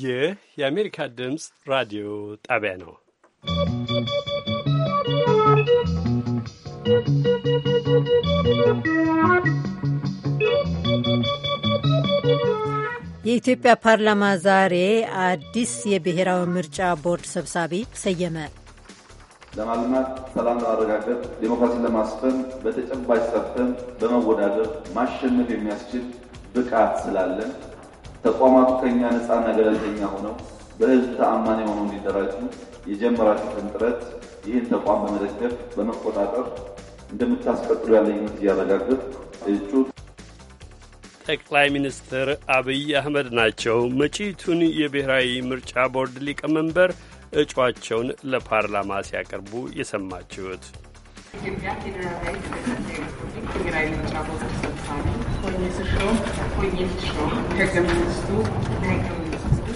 ይህ የአሜሪካ ድምፅ ራዲዮ ጣቢያ ነው። የኢትዮጵያ ፓርላማ ዛሬ አዲስ የብሔራዊ ምርጫ ቦርድ ሰብሳቢ ሰየመ። ለማልማት፣ ሰላም ለማረጋገጥ፣ ዴሞክራሲን ለማስፈን በተጨባጭ ሰርተን በመወዳደር ማሸነፍ የሚያስችል ብቃት ስላለን ተቋማቱ ከኛ ነፃና ገለልተኛ ሆነው በህዝብ ተአማኒ ሆነው እንዲደራጁ የጀመራችሁትን ጥረት ይህን ተቋም በመደገፍ በመቆጣጠር እንደምታስቀጥሉ ያለኝ እያረጋግጥ እጩ ጠቅላይ ሚኒስትር አብይ አህመድ ናቸው። መጪቱን የብሔራዊ ምርጫ ቦርድ ሊቀመንበር እጯቸውን ለፓርላማ ሲያቀርቡ የሰማችሁት ኢትዮጵያ ፌዴራላዊ ምርጫ ቦርድ የሚስሹ መንግስቱ መንግስቱ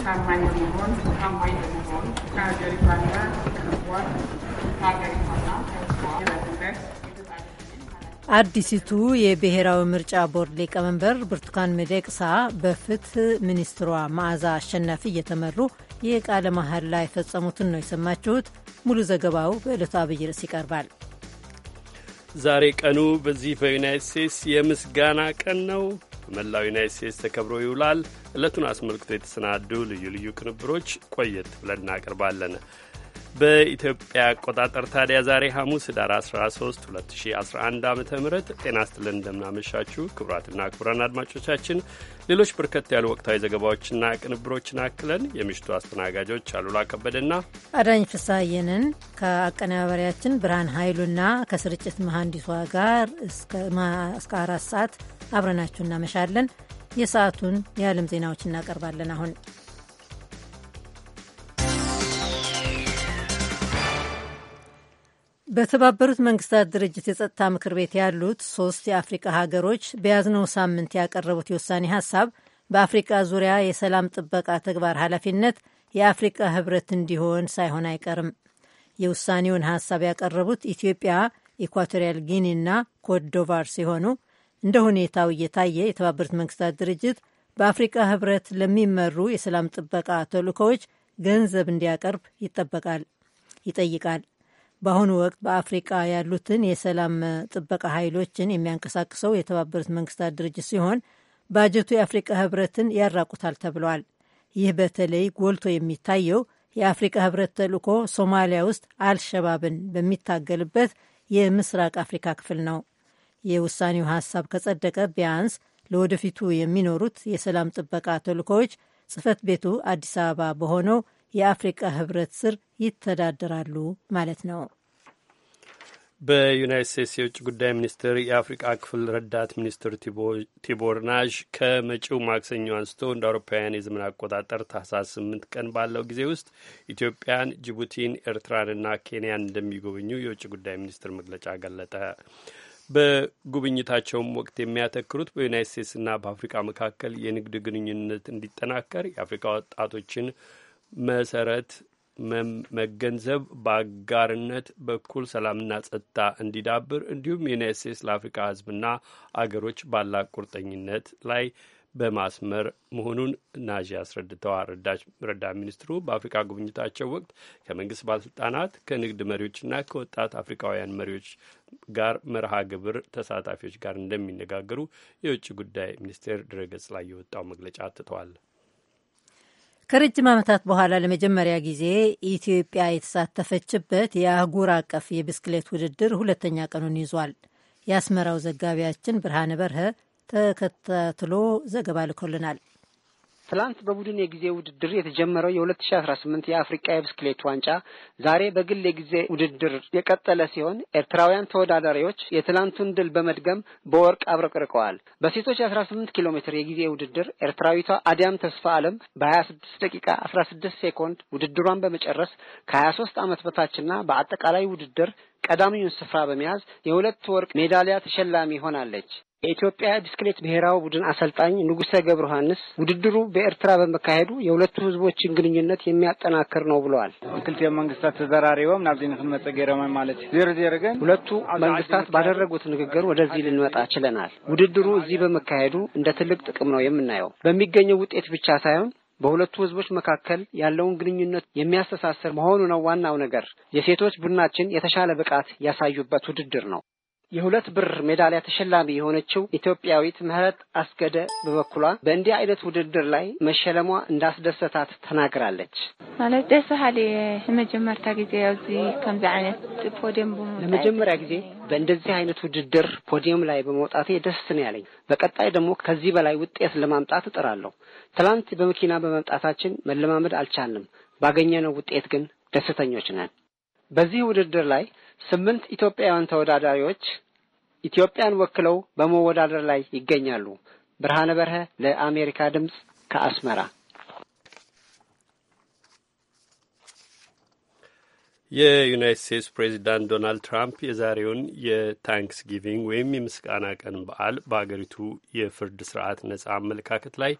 ታማኝ በመሆን ታማኝ በመሆን አዲሲቱ የብሔራዊ ምርጫ ቦርድ ሊቀመንበር ብርቱካን ሚደቅሳ በፍትህ ሚኒስትሯ መዓዛ አሸናፊ እየተመሩ የቃለ መሀል ላይ የፈጸሙትን ነው የሰማችሁት። ሙሉ ዘገባው በዕለቱ አብይ ርዕስ ይቀርባል። ዛሬ ቀኑ በዚህ በዩናይት ስቴትስ የምስጋና ቀን ነው። በመላው ዩናይት ስቴትስ ተከብሮ ይውላል። ዕለቱን አስመልክቶ የተሰናዱ ልዩ ልዩ ቅንብሮች ቆየት ብለን እናቀርባለን። በኢትዮጵያ አቆጣጠር ታዲያ ዛሬ ሐሙስ ህዳር 13 2011 ዓ ም ጤና ይስጥልን እንደምናመሻችሁ ክቡራትና ክቡራን አድማጮቻችን ሌሎች በርከት ያሉ ወቅታዊ ዘገባዎችና ቅንብሮችን አክለን የምሽቱ አስተናጋጆች አሉላ ከበደና አዳኝ ፍሳየንን ከአቀናባሪያችን ብርሃን ኃይሉና ከስርጭት መሐንዲሷ ጋር እስከ አራት ሰዓት አብረናችሁ እናመሻለን። የሰዓቱን የዓለም ዜናዎች እናቀርባለን አሁን በተባበሩት መንግስታት ድርጅት የጸጥታ ምክር ቤት ያሉት ሶስት የአፍሪቃ ሀገሮች በያዝነው ሳምንት ያቀረቡት የውሳኔ ሀሳብ በአፍሪቃ ዙሪያ የሰላም ጥበቃ ተግባር ኃላፊነት የአፍሪቃ ህብረት እንዲሆን ሳይሆን አይቀርም። የውሳኔውን ሀሳብ ያቀረቡት ኢትዮጵያ፣ ኢኳቶሪያል ጊኒና ኮትዲቯር ሲሆኑ እንደ ሁኔታው እየታየ የተባበሩት መንግስታት ድርጅት በአፍሪቃ ህብረት ለሚመሩ የሰላም ጥበቃ ተልእኮዎች ገንዘብ እንዲያቀርብ ይጠበቃል ይጠይቃል። በአሁኑ ወቅት በአፍሪቃ ያሉትን የሰላም ጥበቃ ኃይሎችን የሚያንቀሳቅሰው የተባበሩት መንግስታት ድርጅት ሲሆን ባጀቱ የአፍሪቃ ህብረትን ያራቁታል ተብሏል። ይህ በተለይ ጎልቶ የሚታየው የአፍሪቃ ህብረት ተልእኮ ሶማሊያ ውስጥ አልሸባብን በሚታገልበት የምስራቅ አፍሪካ ክፍል ነው። የውሳኔው ሀሳብ ከጸደቀ ቢያንስ ለወደፊቱ የሚኖሩት የሰላም ጥበቃ ተልእኮዎች ጽህፈት ቤቱ አዲስ አበባ በሆነው የአፍሪቃ ህብረት ስር ይተዳደራሉ ማለት ነው። በዩናይት ስቴትስ የውጭ ጉዳይ ሚኒስትር የአፍሪቃ ክፍል ረዳት ሚኒስትር ቲቦር ናሽ ከመጪው ማክሰኞ አንስቶ እንደ አውሮፓውያን የዘመን አቆጣጠር ታህሳስ ስምንት ቀን ባለው ጊዜ ውስጥ ኢትዮጵያን፣ ጅቡቲን፣ ኤርትራንና ኬንያን እንደሚጎበኙ የውጭ ጉዳይ ሚኒስትር መግለጫ ገለጠ። በጉብኝታቸውም ወቅት የሚያተክሩት በዩናይት ስቴትስና በአፍሪቃ መካከል የንግድ ግንኙነት እንዲጠናከር የአፍሪካ ወጣቶችን መሰረት መገንዘብ በአጋርነት በኩል ሰላምና ጸጥታ እንዲዳብር እንዲሁም የዩናይት ስቴትስ ለአፍሪካ ህዝብና አገሮች ባላቅ ቁርጠኝነት ላይ በማስመር መሆኑን ናዥ አስረድተዋል። ረዳት ሚኒስትሩ በአፍሪካ ጉብኝታቸው ወቅት ከመንግስት ባለስልጣናት፣ ከንግድ መሪዎችና ከወጣት አፍሪካውያን መሪዎች ጋር መርሃ ግብር ተሳታፊዎች ጋር እንደሚነጋገሩ የውጭ ጉዳይ ሚኒስቴር ድረገጽ ላይ የወጣው መግለጫ አትተዋል። ከረጅም ዓመታት በኋላ ለመጀመሪያ ጊዜ ኢትዮጵያ የተሳተፈችበት የአህጉር አቀፍ የብስክሌት ውድድር ሁለተኛ ቀኑን ይዟል። የአስመራው ዘጋቢያችን ብርሃነ በርሀ ተከታትሎ ዘገባ ልኮልናል። ትላንት በቡድን የጊዜ ውድድር የተጀመረው የ2018 የአፍሪቃ የብስክሌት ዋንጫ ዛሬ በግል የጊዜ ውድድር የቀጠለ ሲሆን ኤርትራውያን ተወዳዳሪዎች የትላንቱን ድል በመድገም በወርቅ አብረቅርቀዋል። በሴቶች 18 ኪሎ ሜትር የጊዜ ውድድር ኤርትራዊቷ አዲያም ተስፋ ዓለም በ26 ደቂቃ 16 ሴኮንድ ውድድሯን በመጨረስ ከ23 ዓመት በታችና በአጠቃላይ ውድድር ቀዳሚውን ስፍራ በመያዝ የሁለት ወርቅ ሜዳሊያ ተሸላሚ ሆናለች። የኢትዮጵያ ብስክሌት ብሔራዊ ቡድን አሰልጣኝ ንጉሰ ገብረ ዮሐንስ ውድድሩ በኤርትራ በመካሄዱ የሁለቱ ህዝቦችን ግንኙነት የሚያጠናክር ነው ብለዋል። ክልቲኦ መንግስታት ተዘራሪቦም ናብዚ ንክንመፀ ገይሮማ ማለት ዜሮ ዜሮ ግን ሁለቱ መንግስታት ባደረጉት ንግግር ወደዚህ ልንመጣ ችለናል። ውድድሩ እዚህ በመካሄዱ እንደ ትልቅ ጥቅም ነው የምናየው። በሚገኘው ውጤት ብቻ ሳይሆን በሁለቱ ህዝቦች መካከል ያለውን ግንኙነት የሚያስተሳስር መሆኑ ነው ዋናው ነገር። የሴቶች ቡድናችን የተሻለ ብቃት ያሳዩበት ውድድር ነው። የሁለት ብር ሜዳሊያ ተሸላሚ የሆነችው ኢትዮጵያዊት ምህረት አስገደ በበኩሏ በእንዲህ አይነት ውድድር ላይ መሸለሟ እንዳስደሰታት ተናግራለች። ማለት ደስ በሃሊ የመጀመርታ ጊዜ ኣብዚ ከምዚ አይነት ፖዲየም ለመጀመሪያ ጊዜ በእንደዚህ አይነት ውድድር ፖዲየም ላይ በመውጣቴ ደስ ነው ያለኝ። በቀጣይ ደግሞ ከዚህ በላይ ውጤት ለማምጣት እጥራለሁ። ትላንት በመኪና በመምጣታችን መለማመድ አልቻልንም። ባገኘነው ውጤት ግን ደስተኞች ነን። በዚህ ውድድር ላይ ስምንት ኢትዮጵያውያን ተወዳዳሪዎች ኢትዮጵያን ወክለው በመወዳደር ላይ ይገኛሉ። ብርሃነ በርሀ ለአሜሪካ ድምፅ ከአስመራ። የዩናይትድ ስቴትስ ፕሬዚዳንት ዶናልድ ትራምፕ የዛሬውን የታንክስ ጊቪንግ ወይም የምስጋና ቀን በዓል በአገሪቱ የፍርድ ስርዓት ነጻ አመለካከት ላይ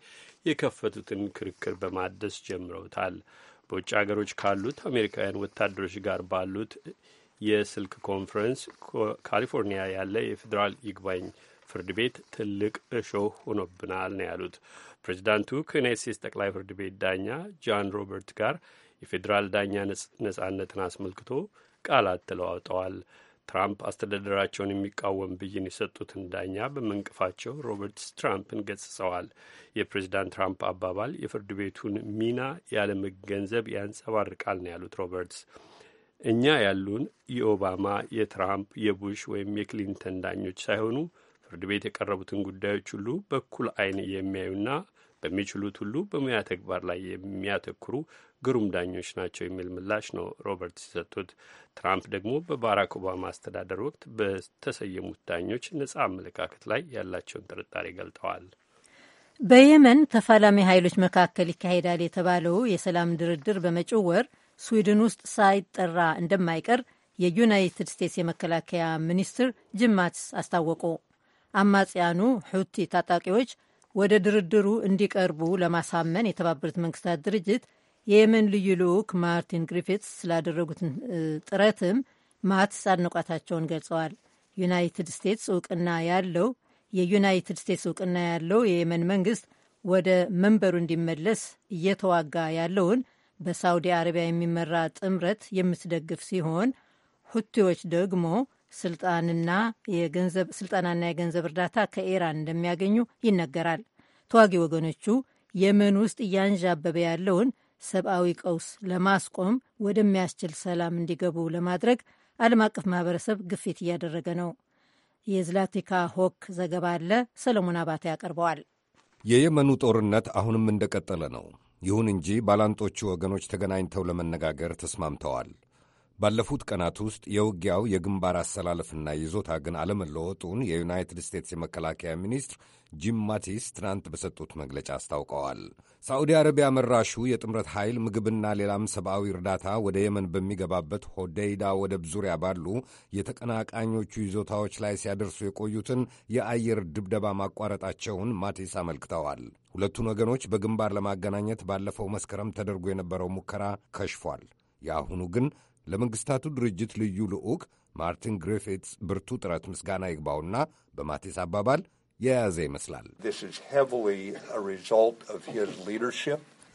የከፈቱትን ክርክር በማደስ ጀምረውታል። በውጭ አገሮች ካሉት አሜሪካውያን ወታደሮች ጋር ባሉት የስልክ ኮንፈረንስ ካሊፎርኒያ ያለ የፌዴራል ይግባኝ ፍርድ ቤት ትልቅ እሾህ ሆኖብናል ነው ያሉት። ፕሬዚዳንቱ ከዩናይትስቴትስ ጠቅላይ ፍርድ ቤት ዳኛ ጃን ሮበርት ጋር የፌዴራል ዳኛ ነጻነትን አስመልክቶ ቃላት ተለዋውጠዋል። ትራምፕ አስተዳደራቸውን የሚቃወም ብይን የሰጡትን ዳኛ በመንቀፋቸው ሮበርትስ ትራምፕን ገጽጸዋል። የፕሬዚዳንት ትራምፕ አባባል የፍርድ ቤቱን ሚና ያለመገንዘብ ያንጸባርቃል ነው ያሉት ሮበርትስ እኛ ያሉን የኦባማ የትራምፕ የቡሽ ወይም የክሊንተን ዳኞች ሳይሆኑ ፍርድ ቤት የቀረቡትን ጉዳዮች ሁሉ በኩል አይን የሚያዩና በሚችሉት ሁሉ በሙያ ተግባር ላይ የሚያተኩሩ ግሩም ዳኞች ናቸው የሚል ምላሽ ነው ሮበርት የሰጡት። ትራምፕ ደግሞ በባራክ ኦባማ አስተዳደር ወቅት በተሰየሙት ዳኞች ነጻ አመለካከት ላይ ያላቸውን ጥርጣሬ ገልጠዋል። በየመን ተፋላሚ ኃይሎች መካከል ይካሄዳል የተባለው የሰላም ድርድር በመጪው ወር ስዊድን ውስጥ ሳይጠራ እንደማይቀር የዩናይትድ ስቴትስ የመከላከያ ሚኒስትር ጂም ማቲስ አስታወቁ። አማጽያኑ ሑቲ ታጣቂዎች ወደ ድርድሩ እንዲቀርቡ ለማሳመን የተባበሩት መንግስታት ድርጅት የየመን ልዩ ልዑክ ማርቲን ግሪፊትስ ስላደረጉት ጥረትም ማትስ አድናቆታቸውን ገልጸዋል። ዩናይትድ ስቴትስ እውቅና ያለው የዩናይትድ ስቴትስ እውቅና ያለው የየመን መንግስት ወደ መንበሩ እንዲመለስ እየተዋጋ ያለውን በሳውዲ አረቢያ የሚመራ ጥምረት የምትደግፍ ሲሆን ሁቲዎች ደግሞ ስልጠናና የገንዘብ ስልጣናና የገንዘብ እርዳታ ከኢራን እንደሚያገኙ ይነገራል። ተዋጊ ወገኖቹ የመን ውስጥ እያንዣበበ ያለውን ሰብአዊ ቀውስ ለማስቆም ወደሚያስችል ሰላም እንዲገቡ ለማድረግ ዓለም አቀፍ ማህበረሰብ ግፊት እያደረገ ነው። የዝላቲካ ሆክ ዘገባ አለ። ሰለሞን አባተ ያቀርበዋል። የየመኑ ጦርነት አሁንም እንደቀጠለ ነው። ይሁን እንጂ ባላንጦቹ ወገኖች ተገናኝተው ለመነጋገር ተስማምተዋል። ባለፉት ቀናት ውስጥ የውጊያው የግንባር አሰላለፍና ይዞታ ግን አለመለወጡን የዩናይትድ ስቴትስ የመከላከያ ሚኒስትር ጂም ማቲስ ትናንት በሰጡት መግለጫ አስታውቀዋል። ሳዑዲ አረቢያ መራሹ የጥምረት ኃይል ምግብና ሌላም ሰብአዊ እርዳታ ወደ የመን በሚገባበት ሆዴይዳ ወደብ ዙሪያ ባሉ የተቀናቃኞቹ ይዞታዎች ላይ ሲያደርሱ የቆዩትን የአየር ድብደባ ማቋረጣቸውን ማቲስ አመልክተዋል። ሁለቱን ወገኖች በግንባር ለማገናኘት ባለፈው መስከረም ተደርጎ የነበረው ሙከራ ከሽፏል። የአሁኑ ግን ለመንግሥታቱ ድርጅት ልዩ ልዑክ ማርቲን ግሪፊትስ ብርቱ ጥረት ምስጋና ይግባውና በማቴስ አባባል የያዘ ይመስላል።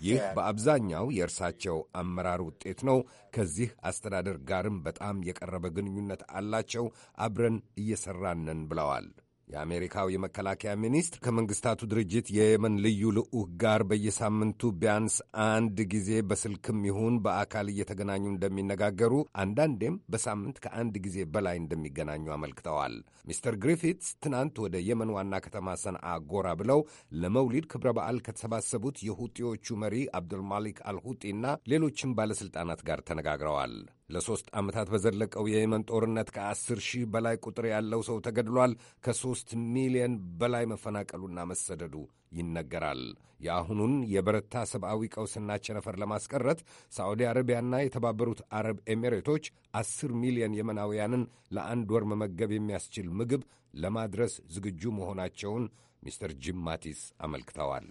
ይህ በአብዛኛው የእርሳቸው አመራር ውጤት ነው። ከዚህ አስተዳደር ጋርም በጣም የቀረበ ግንኙነት አላቸው። አብረን እየሰራንን ብለዋል። የአሜሪካው የመከላከያ ሚኒስትር ከመንግስታቱ ድርጅት የየመን ልዩ ልዑክ ጋር በየሳምንቱ ቢያንስ አንድ ጊዜ በስልክም ይሁን በአካል እየተገናኙ እንደሚነጋገሩ አንዳንዴም በሳምንት ከአንድ ጊዜ በላይ እንደሚገናኙ አመልክተዋል። ሚስተር ግሪፊትስ ትናንት ወደ የመን ዋና ከተማ ሰንዓ ጎራ ብለው ለመውሊድ ክብረ በዓል ከተሰባሰቡት የሁጢዎቹ መሪ አብዱልማሊክ አልሁጢና ሌሎችም ባለሥልጣናት ጋር ተነጋግረዋል። ለሦስት ዓመታት በዘለቀው የየመን ጦርነት ከአስር ሺህ በላይ ቁጥር ያለው ሰው ተገድሏል። ከሦስት ሚሊዮን በላይ መፈናቀሉና መሰደዱ ይነገራል። የአሁኑን የበረታ ሰብአዊ ቀውስና ቸነፈር ለማስቀረት ሳዑዲ አረቢያና የተባበሩት አረብ ኤሚሬቶች አስር ሚሊዮን የመናውያንን ለአንድ ወር መመገብ የሚያስችል ምግብ ለማድረስ ዝግጁ መሆናቸውን ሚስተር ጂም ማቲስ አመልክተዋል።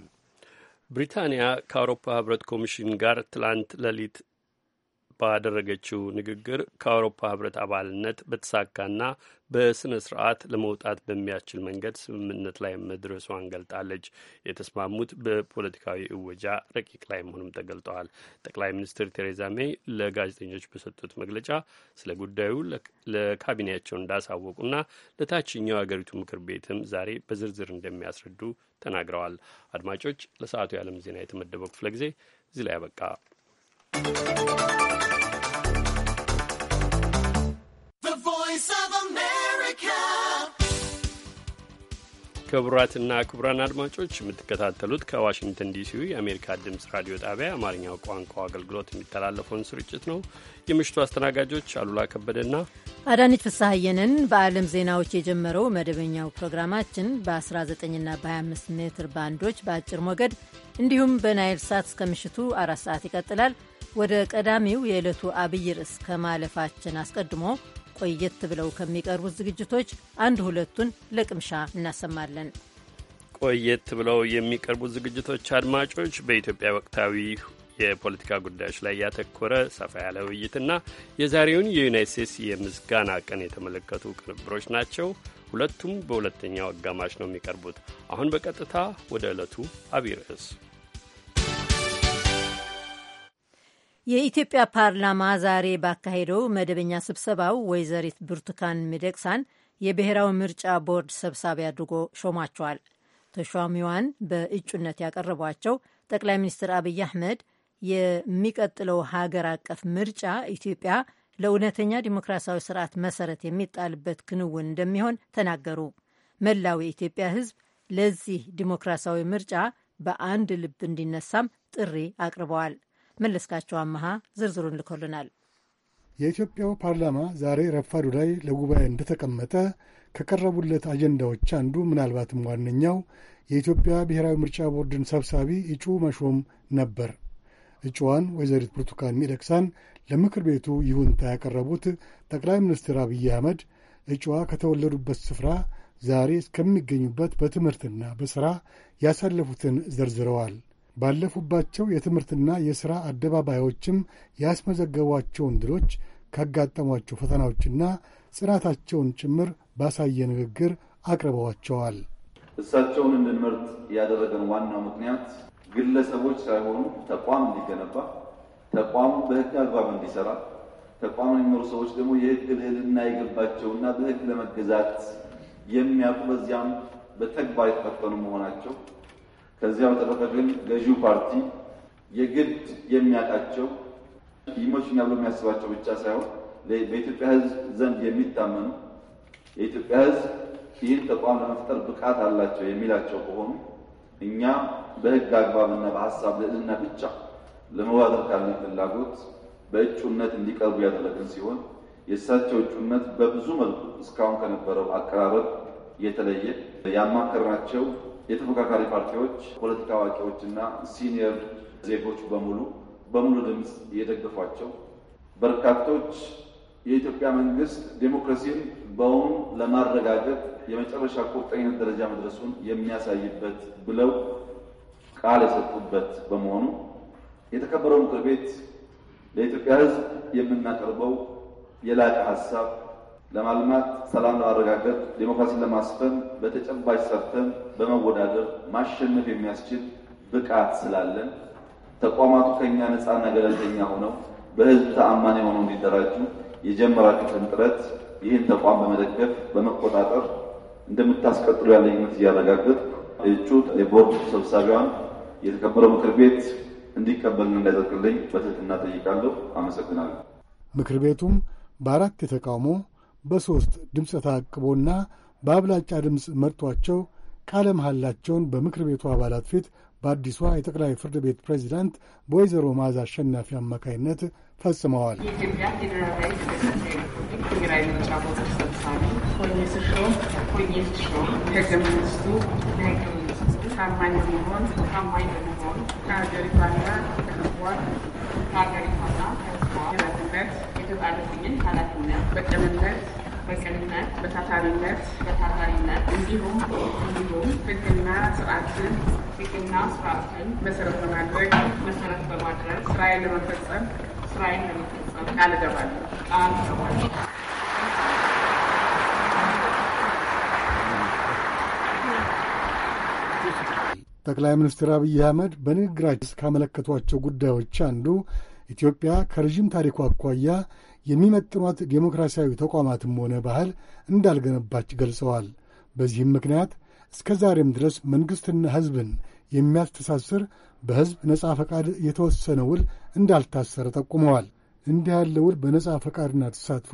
ብሪታንያ ከአውሮፓ ህብረት ኮሚሽን ጋር ትላንት ሌሊት ባደረገችው ንግግር ከአውሮፓ ህብረት አባልነት በተሳካና በስነ ስርዓት ለመውጣት በሚያስችል መንገድ ስምምነት ላይ መድረሷን ገልጣለች። የተስማሙት በፖለቲካዊ እወጃ ረቂቅ ላይ መሆኑም ተገልጠዋል። ጠቅላይ ሚኒስትር ቴሬዛ ሜይ ለጋዜጠኞች በሰጡት መግለጫ ስለ ጉዳዩ ለካቢኔያቸው እንዳሳወቁና ለታችኛው የአገሪቱ ምክር ቤትም ዛሬ በዝርዝር እንደሚያስረዱ ተናግረዋል። አድማጮች፣ ለሰዓቱ የዓለም ዜና የተመደበው ክፍለ ጊዜ እዚህ ላይ you. ክቡራትና ክቡራን አድማጮች የምትከታተሉት ከዋሽንግተን ዲሲው የአሜሪካ ድምፅ ራዲዮ ጣቢያ አማርኛው ቋንቋ አገልግሎት የሚተላለፈውን ስርጭት ነው። የምሽቱ አስተናጋጆች አሉላ ከበደና አዳነች ፍስሐየንን። በዓለም ዜናዎች የጀመረው መደበኛው ፕሮግራማችን በ19ና በ25 ሜትር ባንዶች በአጭር ሞገድ እንዲሁም በናይል ሳት እስከ ምሽቱ አራት ሰዓት ይቀጥላል። ወደ ቀዳሚው የዕለቱ አብይ ርዕስ ከማለፋችን አስቀድሞ ቆየት ብለው ከሚቀርቡት ዝግጅቶች አንድ ሁለቱን ለቅምሻ እናሰማለን። ቆየት ብለው የሚቀርቡት ዝግጅቶች አድማጮች በኢትዮጵያ ወቅታዊ የፖለቲካ ጉዳዮች ላይ ያተኮረ ሰፋ ያለ ውይይትና የዛሬውን የዩናይት ስቴትስ የምስጋና ቀን የተመለከቱ ቅንብሮች ናቸው። ሁለቱም በሁለተኛው አጋማሽ ነው የሚቀርቡት። አሁን በቀጥታ ወደ ዕለቱ አብይ ርዕስ የኢትዮጵያ ፓርላማ ዛሬ ባካሄደው መደበኛ ስብሰባው ወይዘሪት ብርቱካን ሚደቅሳን የብሔራዊ ምርጫ ቦርድ ሰብሳቢ አድርጎ ሾማቸዋል። ተሿሚዋን በእጩነት ያቀረቧቸው ጠቅላይ ሚኒስትር አብይ አህመድ የሚቀጥለው ሀገር አቀፍ ምርጫ ኢትዮጵያ ለእውነተኛ ዲሞክራሲያዊ ስርዓት መሰረት የሚጣልበት ክንውን እንደሚሆን ተናገሩ። መላው የኢትዮጵያ ሕዝብ ለዚህ ዲሞክራሲያዊ ምርጫ በአንድ ልብ እንዲነሳም ጥሪ አቅርበዋል። መለስካቸው አመሃ ዝርዝሩን ልኮልናል። የኢትዮጵያው ፓርላማ ዛሬ ረፋዱ ላይ ለጉባኤ እንደተቀመጠ ከቀረቡለት አጀንዳዎች አንዱ ምናልባትም ዋነኛው የኢትዮጵያ ብሔራዊ ምርጫ ቦርድን ሰብሳቢ እጩ መሾም ነበር። እጩዋን ወይዘሪት ብርቱካን ሚደቅሳን ለምክር ቤቱ ይሁንታ ያቀረቡት ጠቅላይ ሚኒስትር አብይ አህመድ እጩዋ ከተወለዱበት ስፍራ ዛሬ እስከሚገኙበት በትምህርትና በሥራ ያሳለፉትን ዘርዝረዋል። ባለፉባቸው የትምህርትና የሥራ አደባባዮችም ያስመዘገቧቸውን ድሎች ካጋጠሟቸው ፈተናዎችና ጽናታቸውን ጭምር ባሳየ ንግግር አቅርበዋቸዋል። እሳቸውን እንድንመርጥ ያደረገን ዋናው ምክንያት ግለሰቦች ሳይሆኑ ተቋም እንዲገነባ፣ ተቋሙ በሕግ አግባብ እንዲሰራ፣ ተቋም የሚኖሩ ሰዎች ደግሞ የሕግ ልዕልና የገባቸውና በሕግ ለመገዛት የሚያውቁ በዚያም በተግባር የተፈተኑ መሆናቸው ከዚያ በተረፈ ግን ገዢው ፓርቲ የግድ የሚያጣቸው ይመቹኛል ብሎ የሚያስባቸው ብቻ ሳይሆን በኢትዮጵያ ሕዝብ ዘንድ የሚታመኑ የኢትዮጵያ ሕዝብ ይህን ተቋም ለመፍጠር ብቃት አላቸው የሚላቸው ከሆኑ እኛ በህግ አግባብና በሀሳብ ልዕልና ብቻ ለመዋደር ካለ ፍላጎት በእጩነት እንዲቀርቡ ያደረግን ሲሆን የእሳቸው እጩነት በብዙ መልኩ እስካሁን ከነበረው አቀራረብ የተለየ ያማከርናቸው የተፎካካሪ ፓርቲዎች ፖለቲካ አዋቂዎችና ሲኒየር ዜጎች በሙሉ በሙሉ ድምፅ እየደገፏቸው በርካቶች የኢትዮጵያ መንግስት ዴሞክራሲን በውኑ ለማረጋገጥ የመጨረሻ ቁርጠኝነት ደረጃ መድረሱን የሚያሳይበት ብለው ቃል የሰጡበት በመሆኑ የተከበረው ምክር ቤት ለኢትዮጵያ ሕዝብ የምናቀርበው የላቀ ሀሳብ ለማልማት፣ ሰላም ለማረጋገጥ፣ ዴሞክራሲን ለማስፈን በተጨባጭ ሰርተን በመወዳደር ማሸነፍ የሚያስችል ብቃት ስላለን ተቋማቱ ከኛ ነፃና ገለልተኛ ሆነው በህዝብ ተአማኒ ሆነው እንዲደራጁ የጀመራችሁትን ጥረት ይህን ተቋም በመደገፍ በመቆጣጠር እንደምታስቀጥሉ ያለኝነት እያረጋግጥ እያረጋገጥ እጩ የቦርድ ሰብሳቢዋን የተከበረው ምክር ቤት እንዲቀበልን እንዳይዘቅልኝ በትህትና ጠይቃለሁ። አመሰግናለሁ። ምክር ቤቱም በአራት የተቃውሞ በሦስት ድምፅ ተአቅቦና በአብላጫ ድምፅ መርጧቸው ቃለ መሐላቸውን በምክር ቤቱ አባላት ፊት በአዲሷ የጠቅላይ ፍርድ ቤት ፕሬዚዳንት በወይዘሮ መዓዛ አሸናፊ አማካይነት ፈጽመዋል። ታማኝ በቅንነት፣ በታታሪነት፣ በታታሪነት እንዲሁም እንዲሁም ህግና ስርዓትን ህግና ስርዓትን መሰረት በማድረግ መሰረት በማድረግ ስራዬን ለመፈጸም ስራዬን ለመፈጸም ቃል እገባለሁ ቃል ጠቅላይ ሚኒስትር አብይ አህመድ በንግግራቸው ካመለከቷቸው ጉዳዮች አንዱ ኢትዮጵያ ከረዥም ታሪኩ አኳያ የሚመጥኗት ዴሞክራሲያዊ ተቋማትም ሆነ ባህል እንዳልገነባች ገልጸዋል። በዚህም ምክንያት እስከ ዛሬም ድረስ መንግሥትና ሕዝብን የሚያስተሳስር በሕዝብ ነጻ ፈቃድ የተወሰነ ውል እንዳልታሰረ ጠቁመዋል። እንዲህ ያለ ውል በነጻ ፈቃድና ተሳትፎ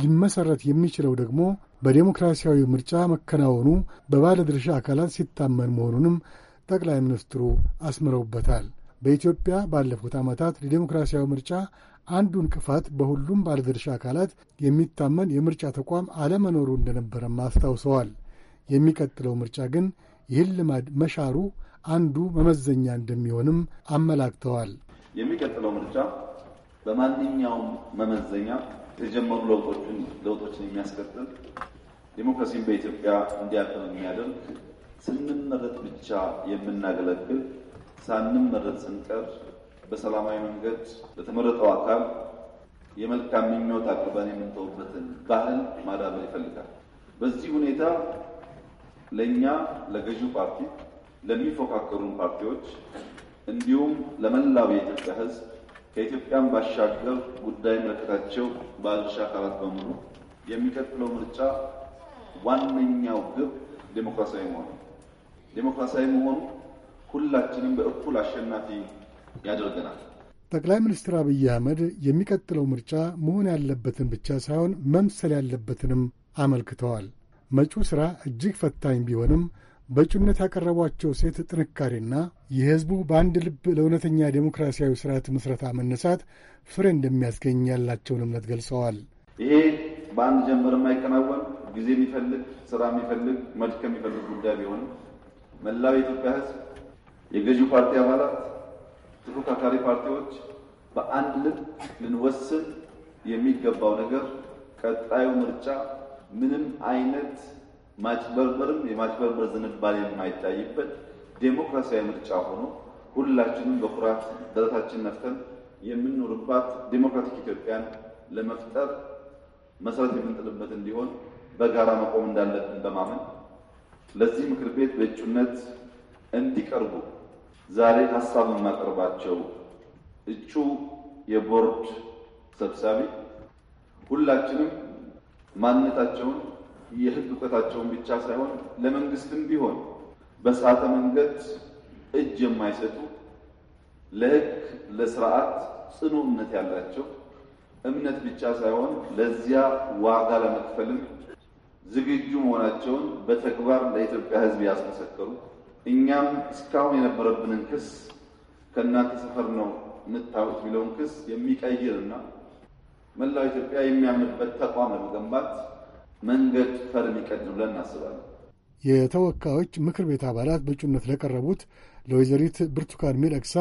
ሊመሠረት የሚችለው ደግሞ በዴሞክራሲያዊ ምርጫ መከናወኑ በባለድርሻ አካላት ሲታመን መሆኑንም ጠቅላይ ሚኒስትሩ አስምረውበታል። በኢትዮጵያ ባለፉት ዓመታት ለዴሞክራሲያዊ ምርጫ አንዱ እንቅፋት በሁሉም ባለድርሻ አካላት የሚታመን የምርጫ ተቋም አለመኖሩ እንደነበረም አስታውሰዋል። የሚቀጥለው ምርጫ ግን ይህን ልማድ መሻሩ አንዱ መመዘኛ እንደሚሆንም አመላክተዋል። የሚቀጥለው ምርጫ በማንኛውም መመዘኛ የተጀመሩ ለውጦችን የሚያስቀጥል ዴሞክራሲን በኢትዮጵያ እንዲያጠም የሚያደርግ ስንመረጥ ብቻ የምናገለግል ሳንመረጥ ስንቀር በሰላማዊ መንገድ ለተመረጠው አካል የመልካም ምኞት አቅርበን የምንተውበትን ባህል ማዳበር ይፈልጋል። በዚህ ሁኔታ ለእኛ ለገዢው ፓርቲ፣ ለሚፎካከሩን ፓርቲዎች እንዲሁም ለመላው የኢትዮጵያ ሕዝብ ከኢትዮጵያን ባሻገር ጉዳይ መለከታቸው ባለድርሻ አካላት በሙሉ የሚቀጥለው ምርጫ ዋነኛው ግብ ዴሞክራሲያዊ መሆኑ ዴሞክራሲያዊ መሆኑ ሁላችንም በእኩል አሸናፊ ያደርገናል። ጠቅላይ ሚኒስትር አብይ አህመድ የሚቀጥለው ምርጫ መሆን ያለበትን ብቻ ሳይሆን መምሰል ያለበትንም አመልክተዋል። መጪው ሥራ እጅግ ፈታኝ ቢሆንም በእጩነት ያቀረቧቸው ሴት ጥንካሬና የሕዝቡ በአንድ ልብ ለእውነተኛ ዴሞክራሲያዊ ስርዓት ምስረታ መነሳት ፍሬ እንደሚያስገኝ ያላቸውን እምነት ገልጸዋል። ይሄ በአንድ ጀንበር የማይከናወን ጊዜ የሚፈልግ ስራ የሚፈልግ መድከም የሚፈልግ ጉዳይ ቢሆንም መላው የኢትዮጵያ ሕዝብ የገዢው ፓርቲ አባላት ተፎካካሪ ፓርቲዎች በአንድ ልብ ልንወስን የሚገባው ነገር ቀጣዩ ምርጫ ምንም አይነት ማጭበርበርም የማጭበርበር ዝንባሌ የማይታይበት ዴሞክራሲያዊ ምርጫ ሆኖ ሁላችንም በኩራት ደረታችን ነፍተን የምንኖርባት ዴሞክራቲክ ኢትዮጵያን ለመፍጠር መሰረት የምንጥልበት እንዲሆን በጋራ መቆም እንዳለብን በማመን ለዚህ ምክር ቤት በእጩነት እንዲቀርቡ ዛሬ ሀሳብ የማቀርባቸው እጩ የቦርድ ሰብሳቢ ሁላችንም ማንነታቸውን የህግ እውቀታቸውን ብቻ ሳይሆን ለመንግስትም ቢሆን በሰዓተ መንገድ እጅ የማይሰጡ ለህግ ለስርዓት ጽኑ እምነት ያላቸው እምነት ብቻ ሳይሆን ለዚያ ዋጋ ለመክፈልም ዝግጁ መሆናቸውን በተግባር ለኢትዮጵያ ህዝብ ያስመሰከሩ እኛም እስካሁን የነበረብንን ክስ ከእናንተ ሰፈር ነው የምታዩት የሚለውን ክስ የሚቀይርና መላው ኢትዮጵያ የሚያምንበት ተቋም ለመገንባት መንገድ ፈር የሚቀድ ብለን እናስባለን። የተወካዮች ምክር ቤት አባላት በእጩነት ለቀረቡት ለወይዘሪት ብርቱካን ሚደቅሳ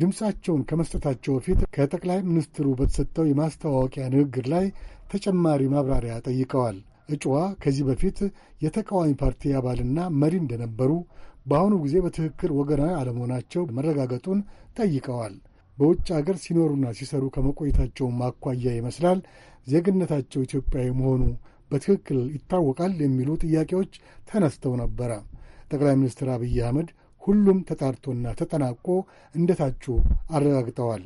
ድምፃቸውን ከመስጠታቸው በፊት ከጠቅላይ ሚኒስትሩ በተሰጠው የማስተዋወቂያ ንግግር ላይ ተጨማሪ ማብራሪያ ጠይቀዋል። እጩዋ ከዚህ በፊት የተቃዋሚ ፓርቲ አባልና መሪ እንደነበሩ በአሁኑ ጊዜ በትክክል ወገናዊ አለመሆናቸው መረጋገጡን ጠይቀዋል። በውጭ አገር ሲኖሩና ሲሰሩ ከመቆየታቸውም ማኳያ ይመስላል ዜግነታቸው ኢትዮጵያዊ መሆኑ በትክክል ይታወቃል የሚሉ ጥያቄዎች ተነስተው ነበረ። ጠቅላይ ሚኒስትር አብይ አህመድ ሁሉም ተጣርቶና ተጠናቆ እንደታቹ አረጋግጠዋል።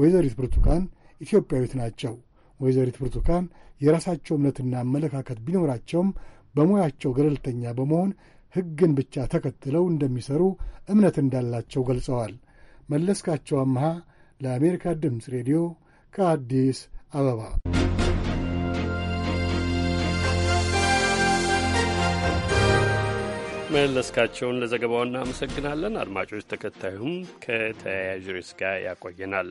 ወይዘሪት ብርቱካን ኢትዮጵያዊት ናቸው። ወይዘሪት ብርቱካን የራሳቸው እምነትና አመለካከት ቢኖራቸውም በሙያቸው ገለልተኛ በመሆን ሕግን ብቻ ተከትለው እንደሚሰሩ እምነት እንዳላቸው ገልጸዋል። መለስካቸው አምሃ ለአሜሪካ ድምፅ ሬዲዮ ከአዲስ አበባ መለስካቸውን ለዘገባው እናመሰግናለን። አድማጮች፣ ተከታዩም ከተያያዥ ርዕስ ጋር ያቆየናል።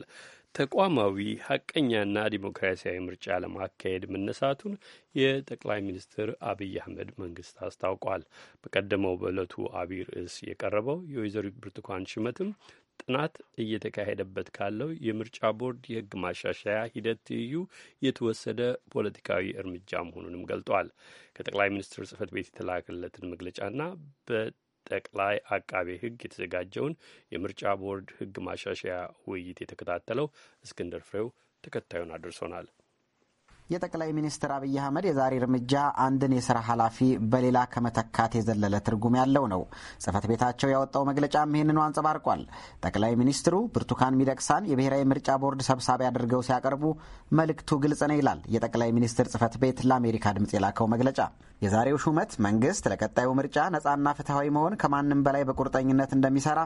ተቋማዊ ሀቀኛና ዲሞክራሲያዊ ምርጫ ለማካሄድ መነሳቱን የጠቅላይ ሚኒስትር አብይ አህመድ መንግስት አስታውቋል። በቀደመው በዕለቱ አብይ ርዕስ የቀረበው የወይዘሮ ብርቱካን ሽመትም ጥናት እየተካሄደበት ካለው የምርጫ ቦርድ የህግ ማሻሻያ ሂደት ትይዩ የተወሰደ ፖለቲካዊ እርምጃ መሆኑንም ገልጧል። ከጠቅላይ ሚኒስትር ጽህፈት ቤት የተላከለትን መግለጫና ጠቅላይ አቃቤ ሕግ የተዘጋጀውን የምርጫ ቦርድ ሕግ ማሻሻያ ውይይት የተከታተለው እስክንድር ፍሬው ተከታዩን አድርሶናል። የጠቅላይ ሚኒስትር አብይ አህመድ የዛሬ እርምጃ አንድን የስራ ኃላፊ በሌላ ከመተካት የዘለለ ትርጉም ያለው ነው። ጽህፈት ቤታቸው ያወጣው መግለጫም ይህንኑ አንጸባርቋል። ጠቅላይ ሚኒስትሩ ብርቱካን ሚደቅሳን የብሔራዊ ምርጫ ቦርድ ሰብሳቢ አድርገው ሲያቀርቡ መልእክቱ ግልጽ ነው ይላል የጠቅላይ ሚኒስትር ጽህፈት ቤት ለአሜሪካ ድምፅ የላከው መግለጫ። የዛሬው ሹመት መንግስት ለቀጣዩ ምርጫ ነፃና ፍትሐዊ መሆን ከማንም በላይ በቁርጠኝነት እንደሚሰራ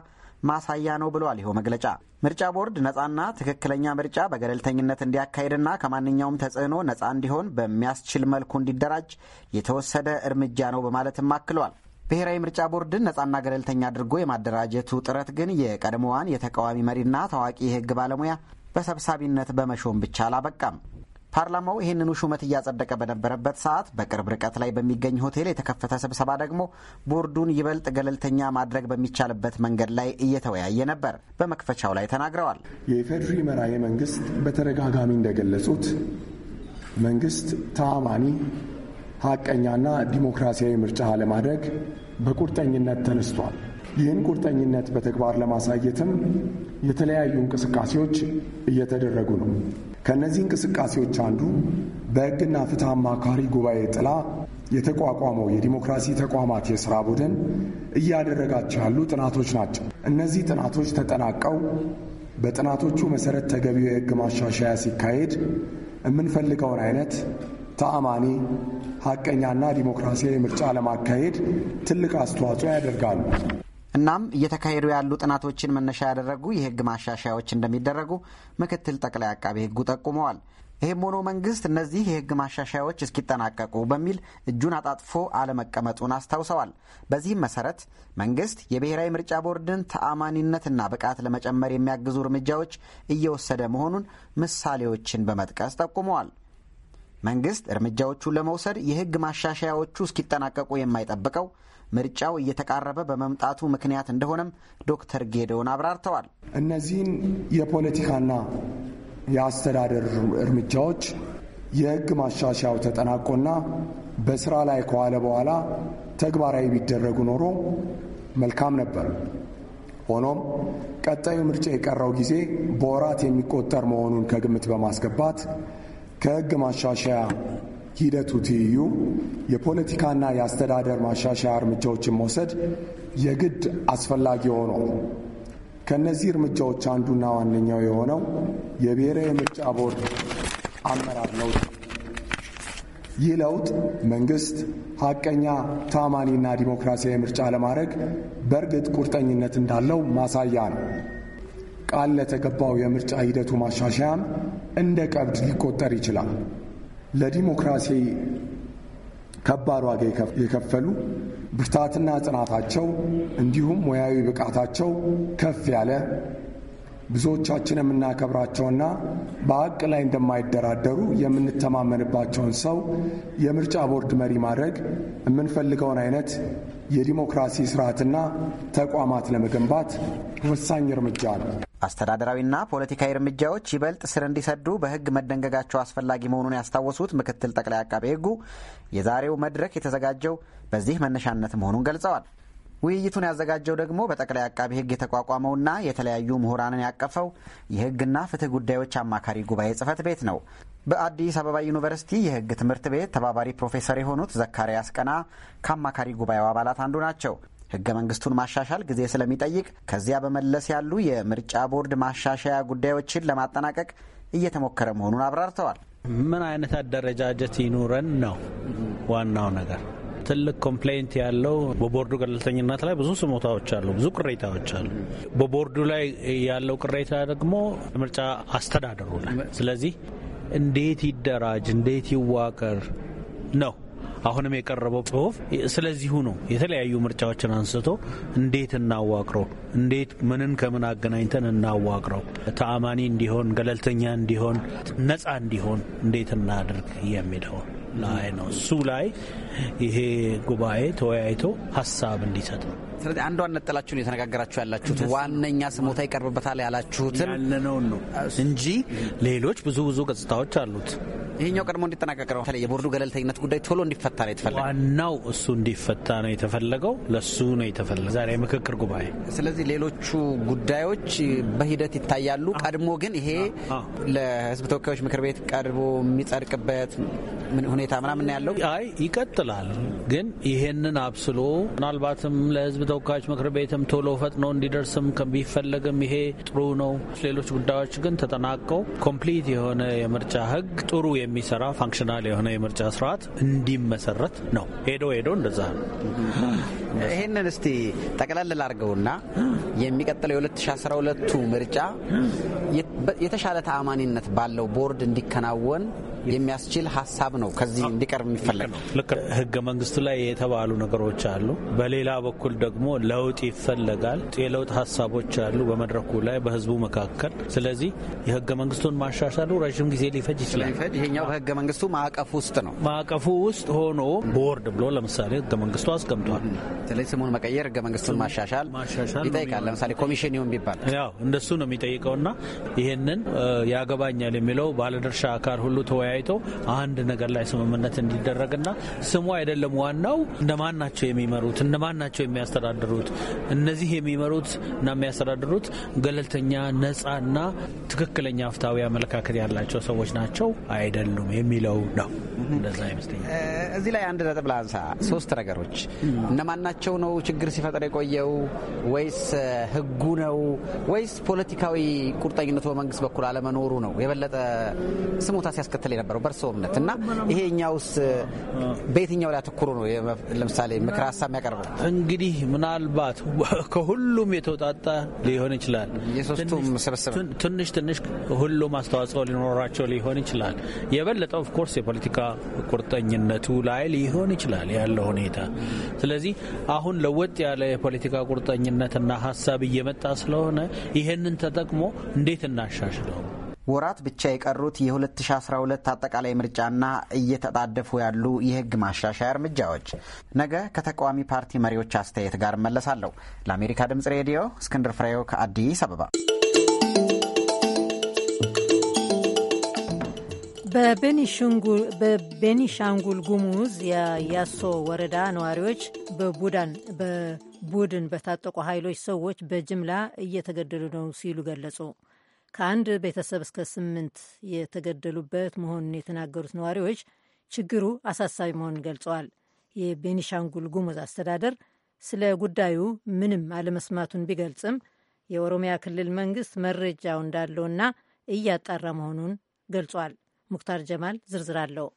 ማሳያ ነው ብለዋል ይኸው መግለጫ። ምርጫ ቦርድ ነጻና ትክክለኛ ምርጫ በገለልተኝነት እንዲያካሄድና ከማንኛውም ተጽዕኖ ነጻ እንዲሆን በሚያስችል መልኩ እንዲደራጅ የተወሰደ እርምጃ ነው በማለትም አክለዋል። ብሔራዊ ምርጫ ቦርድን ነጻና ገለልተኛ አድርጎ የማደራጀቱ ጥረት ግን የቀድሞዋን የተቃዋሚ መሪና ታዋቂ የሕግ ባለሙያ በሰብሳቢነት በመሾም ብቻ አላበቃም። ፓርላማው ይህንኑ ሹመት እያጸደቀ በነበረበት ሰዓት በቅርብ ርቀት ላይ በሚገኝ ሆቴል የተከፈተ ስብሰባ ደግሞ ቦርዱን ይበልጥ ገለልተኛ ማድረግ በሚቻልበት መንገድ ላይ እየተወያየ ነበር። በመክፈቻው ላይ ተናግረዋል። የኢፌድሪ መራሄ መንግስት በተደጋጋሚ እንደገለጹት መንግስት ተአማኒ ሀቀኛና ዲሞክራሲያዊ ምርጫ ለማድረግ በቁርጠኝነት ተነስቷል። ይህን ቁርጠኝነት በተግባር ለማሳየትም የተለያዩ እንቅስቃሴዎች እየተደረጉ ነው። ከእነዚህ እንቅስቃሴዎች አንዱ በሕግና ፍትህ አማካሪ ጉባኤ ጥላ የተቋቋመው የዲሞክራሲ ተቋማት የሥራ ቡድን እያደረጋቸው ያሉ ጥናቶች ናቸው። እነዚህ ጥናቶች ተጠናቀው በጥናቶቹ መሠረት ተገቢው የሕግ ማሻሻያ ሲካሄድ የምንፈልገውን አይነት ተአማኒ ሐቀኛና ዲሞክራሲያዊ ምርጫ ለማካሄድ ትልቅ አስተዋጽኦ ያደርጋሉ። እናም እየተካሄዱ ያሉ ጥናቶችን መነሻ ያደረጉ የህግ ማሻሻያዎች እንደሚደረጉ ምክትል ጠቅላይ አቃቤ ህጉ ጠቁመዋል። ይህም ሆኖ መንግስት እነዚህ የህግ ማሻሻያዎች እስኪጠናቀቁ በሚል እጁን አጣጥፎ አለመቀመጡን አስታውሰዋል። በዚህም መሰረት መንግስት የብሔራዊ ምርጫ ቦርድን ተአማኒነትና ብቃት ለመጨመር የሚያግዙ እርምጃዎች እየወሰደ መሆኑን ምሳሌዎችን በመጥቀስ ጠቁመዋል። መንግስት እርምጃዎቹን ለመውሰድ የህግ ማሻሻያዎቹ እስኪጠናቀቁ የማይጠብቀው ምርጫው እየተቃረበ በመምጣቱ ምክንያት እንደሆነም ዶክተር ጌዶን አብራርተዋል። እነዚህን የፖለቲካና የአስተዳደር እርምጃዎች የህግ ማሻሻያው ተጠናቆና በስራ ላይ ከዋለ በኋላ ተግባራዊ ቢደረጉ ኖሮ መልካም ነበር። ሆኖም ቀጣዩ ምርጫ የቀረው ጊዜ በወራት የሚቆጠር መሆኑን ከግምት በማስገባት ከህግ ማሻሻያ ሂደቱ ትይዩ የፖለቲካና የአስተዳደር ማሻሻያ እርምጃዎችን መውሰድ የግድ አስፈላጊ ሆኖ ከእነዚህ እርምጃዎች አንዱና ዋነኛው የሆነው የብሔራዊ ምርጫ ቦርድ አመራር ለውጥ። ይህ ለውጥ መንግስት ሀቀኛ ታማኒና ዲሞክራሲያዊ ምርጫ ለማድረግ በእርግጥ ቁርጠኝነት እንዳለው ማሳያ ነው። ቃል ለተገባው የምርጫ ሂደቱ ማሻሻያም እንደ ቀብድ ሊቆጠር ይችላል። ለዲሞክራሲ ከባድ ዋጋ የከፈሉ ብርታትና ጽናታቸው እንዲሁም ሙያዊ ብቃታቸው ከፍ ያለ ብዙዎቻችን የምናከብራቸውና በሀቅ ላይ እንደማይደራደሩ የምንተማመንባቸውን ሰው የምርጫ ቦርድ መሪ ማድረግ የምንፈልገውን አይነት የዲሞክራሲ ስርዓትና ተቋማት ለመገንባት ወሳኝ እርምጃ ነው። አስተዳደራዊና ፖለቲካዊ እርምጃዎች ይበልጥ ስር እንዲሰዱ በሕግ መደንገጋቸው አስፈላጊ መሆኑን ያስታወሱት ምክትል ጠቅላይ አቃቤ ሕጉ የዛሬው መድረክ የተዘጋጀው በዚህ መነሻነት መሆኑን ገልጸዋል። ውይይቱን ያዘጋጀው ደግሞ በጠቅላይ አቃቤ ሕግ የተቋቋመውና የተለያዩ ምሁራንን ያቀፈው የሕግና ፍትህ ጉዳዮች አማካሪ ጉባኤ ጽህፈት ቤት ነው። በአዲስ አበባ ዩኒቨርሲቲ የሕግ ትምህርት ቤት ተባባሪ ፕሮፌሰር የሆኑት ዘካሪያስ ቀና ከአማካሪ ጉባኤው አባላት አንዱ ናቸው። ህገ መንግስቱን ማሻሻል ጊዜ ስለሚጠይቅ ከዚያ በመለስ ያሉ የምርጫ ቦርድ ማሻሻያ ጉዳዮችን ለማጠናቀቅ እየተሞከረ መሆኑን አብራርተዋል። ምን አይነት አደረጃጀት ይኑረን ነው ዋናው ነገር። ትልቅ ኮምፕሌንት ያለው በቦርዱ ገለልተኝነት ላይ ብዙ ስሞታዎች አሉ፣ ብዙ ቅሬታዎች አሉ። በቦርዱ ላይ ያለው ቅሬታ ደግሞ ምርጫ አስተዳደሩ ላይ። ስለዚህ እንዴት ይደራጅ፣ እንዴት ይዋቀር ነው አሁንም የቀረበው ጽሁፍ ስለዚሁ ነው። የተለያዩ ምርጫዎችን አንስቶ እንዴት እናዋቅረው፣ እንዴት ምንን ከምን አገናኝተን እናዋቅረው፣ ተአማኒ እንዲሆን፣ ገለልተኛ እንዲሆን፣ ነጻ እንዲሆን እንዴት እናድርግ የሚለው ላይ ነው። እሱ ላይ ይሄ ጉባኤ ተወያይቶ ሀሳብ እንዲሰጥ ነው። ስለዚህ አንዷን ነጠላችሁን የተነጋገራችሁ ያላችሁት ዋነኛ ስሞታ ይቀርብበታል ያላችሁትን ያለነውን ነው እንጂ ሌሎች ብዙ ብዙ ገጽታዎች አሉት። ይሄኛው ቀድሞ እንዲጠናቀቅ ነው። በተለይ የቦርዱ ገለልተኝነት ጉዳይ ቶሎ እንዲፈታ ነው የተፈለገው። ዋናው እሱ እንዲፈታ ነው የተፈለገው። ለሱ ነው የተፈለገው ዛሬ የምክክር ጉባኤ። ስለዚህ ሌሎቹ ጉዳዮች በሂደት ይታያሉ። ቀድሞ ግን ይሄ ለህዝብ ተወካዮች ምክር ቤት ቀድሞ የሚጸድቅበት ሁኔታ ምናምን ያለው አይ ይቀጥላል። ግን ይሄንን አብስሎ ምናልባትም ለህዝብ ተወካዮች ምክር ቤትም ቶሎ ፈጥኖ እንዲደርስም ቢፈለግም ይሄ ጥሩ ነው። ሌሎች ጉዳዮች ግን ተጠናቀው ኮምፕሊት የሆነ የምርጫ ህግ ጥሩ የሚሰራ ፋንክሽናል የሆነ የምርጫ ስርዓት እንዲመሰረት ነው። ሄዶ ሄዶ እንደዛ ነው። ይህንን እስቲ ጠቅለል ላድርገውና የሚቀጥለው የ2012ቱ ምርጫ የተሻለ ተአማኒነት ባለው ቦርድ እንዲከናወን የሚያስችል ሀሳብ ነው። ከዚህ እንዲቀርብ የሚፈለግ ልክ ህገ መንግስቱ ላይ የተባሉ ነገሮች አሉ። በሌላ በኩል ደግሞ ለውጥ ይፈለጋል። የለውጥ ሀሳቦች አሉ በመድረኩ ላይ በህዝቡ መካከል። ስለዚህ የህገ መንግስቱን ማሻሻሉ ረዥም ጊዜ ሊፈጅ ይችላል። አንደኛው በህገ መንግስቱ ማዕቀፍ ውስጥ ነው። ማዕቀፉ ውስጥ ሆኖ ቦርድ ብሎ ለምሳሌ ህገ መንግስቱ አስቀምጧል። ስለዚህ ስሙን መቀየር ህገ መንግስቱን ማሻሻል ይጠይቃል። ለምሳሌ ኮሚሽን ይሁን ቢባል ያው እንደሱ ነው የሚጠይቀውና ይህንን ያገባኛል የሚለው ባለድርሻ አካል ሁሉ ተወያይቶ አንድ ነገር ላይ ስምምነት እንዲደረግና ስሙ አይደለም ዋናው እንደማን ናቸው የሚመሩት እንደማን ናቸው የሚያስተዳድሩት እነዚህ የሚመሩት እና የሚያስተዳድሩት ገለልተኛ ነጻና ትክክለኛ አፍታዊ አመለካከት ያላቸው ሰዎች ናቸው አይደለም አይደሉም የሚለው ነው። እዚህ ላይ አንድ ነጥብ ላንሳ። ሶስት ነገሮች እነማናቸው ነው ችግር ሲፈጠር የቆየው? ወይስ ህጉ ነው? ወይስ ፖለቲካዊ ቁርጠኝነቱ በመንግስት በኩል አለመኖሩ ነው የበለጠ ስሞታ ሲያስከትል የነበረው በእርስዎ እምነት? እና ይሄኛውስ በየትኛው ላይ አተኩሮ ነው ለምሳሌ ምክር ሀሳብ የሚያቀርበው? እንግዲህ ምናልባት ከሁሉም የተውጣጣ ሊሆን ይችላል። የሶስቱም ስብስብ ትንሽ ትንሽ ሁሉም አስተዋጽኦ ሊኖራቸው ሊሆን ይችላል። የበለጠ ኦፍኮርስ የፖለቲካ ቁርጠኝነቱ ላይ ሊሆን ይችላል ያለው ሁኔታ። ስለዚህ አሁን ለወጥ ያለ የፖለቲካ ቁርጠኝነትና ሀሳብ እየመጣ ስለሆነ ይህንን ተጠቅሞ እንዴት እናሻሽለው? ወራት ብቻ የቀሩት የ2012 አጠቃላይ ምርጫና እየተጣደፉ ያሉ የህግ ማሻሻያ እርምጃዎች ነገ ከተቃዋሚ ፓርቲ መሪዎች አስተያየት ጋር እመለሳለሁ። ለአሜሪካ ድምጽ ሬዲዮ እስክንድር ፍሬው ከአዲስ አበባ በቤኒሻንጉል ጉሙዝ የያሶ ወረዳ ነዋሪዎች በቡዳን በቡድን በታጠቁ ኃይሎች ሰዎች በጅምላ እየተገደሉ ነው ሲሉ ገለጹ። ከአንድ ቤተሰብ እስከ ስምንት የተገደሉበት መሆኑን የተናገሩት ነዋሪዎች ችግሩ አሳሳቢ መሆኑን ገልጸዋል። የቤኒሻንጉል ጉሙዝ አስተዳደር ስለ ጉዳዩ ምንም አለመስማቱን ቢገልጽም የኦሮሚያ ክልል መንግስት መረጃው እንዳለውና እያጣራ መሆኑን ገልጿል። ሙክታር ጀማል ዝርዝር አለው።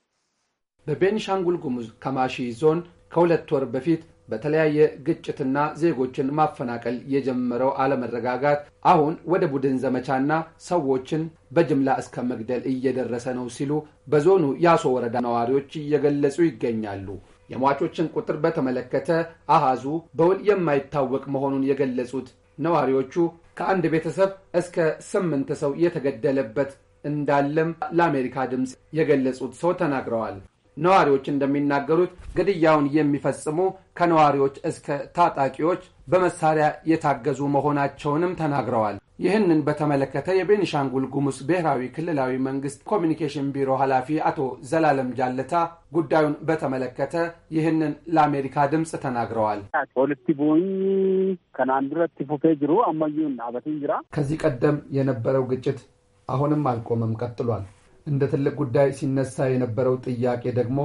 በቤኒሻንጉል ጉሙዝ ከማሺ ዞን ከሁለት ወር በፊት በተለያየ ግጭትና ዜጎችን ማፈናቀል የጀመረው አለመረጋጋት አሁን ወደ ቡድን ዘመቻና ሰዎችን በጅምላ እስከ መግደል እየደረሰ ነው ሲሉ በዞኑ ያሶ ወረዳ ነዋሪዎች እየገለጹ ይገኛሉ። የሟቾችን ቁጥር በተመለከተ አሃዙ በውል የማይታወቅ መሆኑን የገለጹት ነዋሪዎቹ ከአንድ ቤተሰብ እስከ ስምንት ሰው የተገደለበት እንዳለም ለአሜሪካ ድምፅ የገለጹት ሰው ተናግረዋል። ነዋሪዎች እንደሚናገሩት ግድያውን የሚፈጽሙ ከነዋሪዎች እስከ ታጣቂዎች በመሳሪያ የታገዙ መሆናቸውንም ተናግረዋል። ይህንን በተመለከተ የቤኒሻንጉል ጉሙዝ ብሔራዊ ክልላዊ መንግስት ኮሚኒኬሽን ቢሮ ኃላፊ አቶ ዘላለም ጃለታ ጉዳዩን በተመለከተ ይህንን ለአሜሪካ ድምፅ ተናግረዋል። ከዚህ ቀደም የነበረው ግጭት አሁንም አልቆመም፣ ቀጥሏል። እንደ ትልቅ ጉዳይ ሲነሳ የነበረው ጥያቄ ደግሞ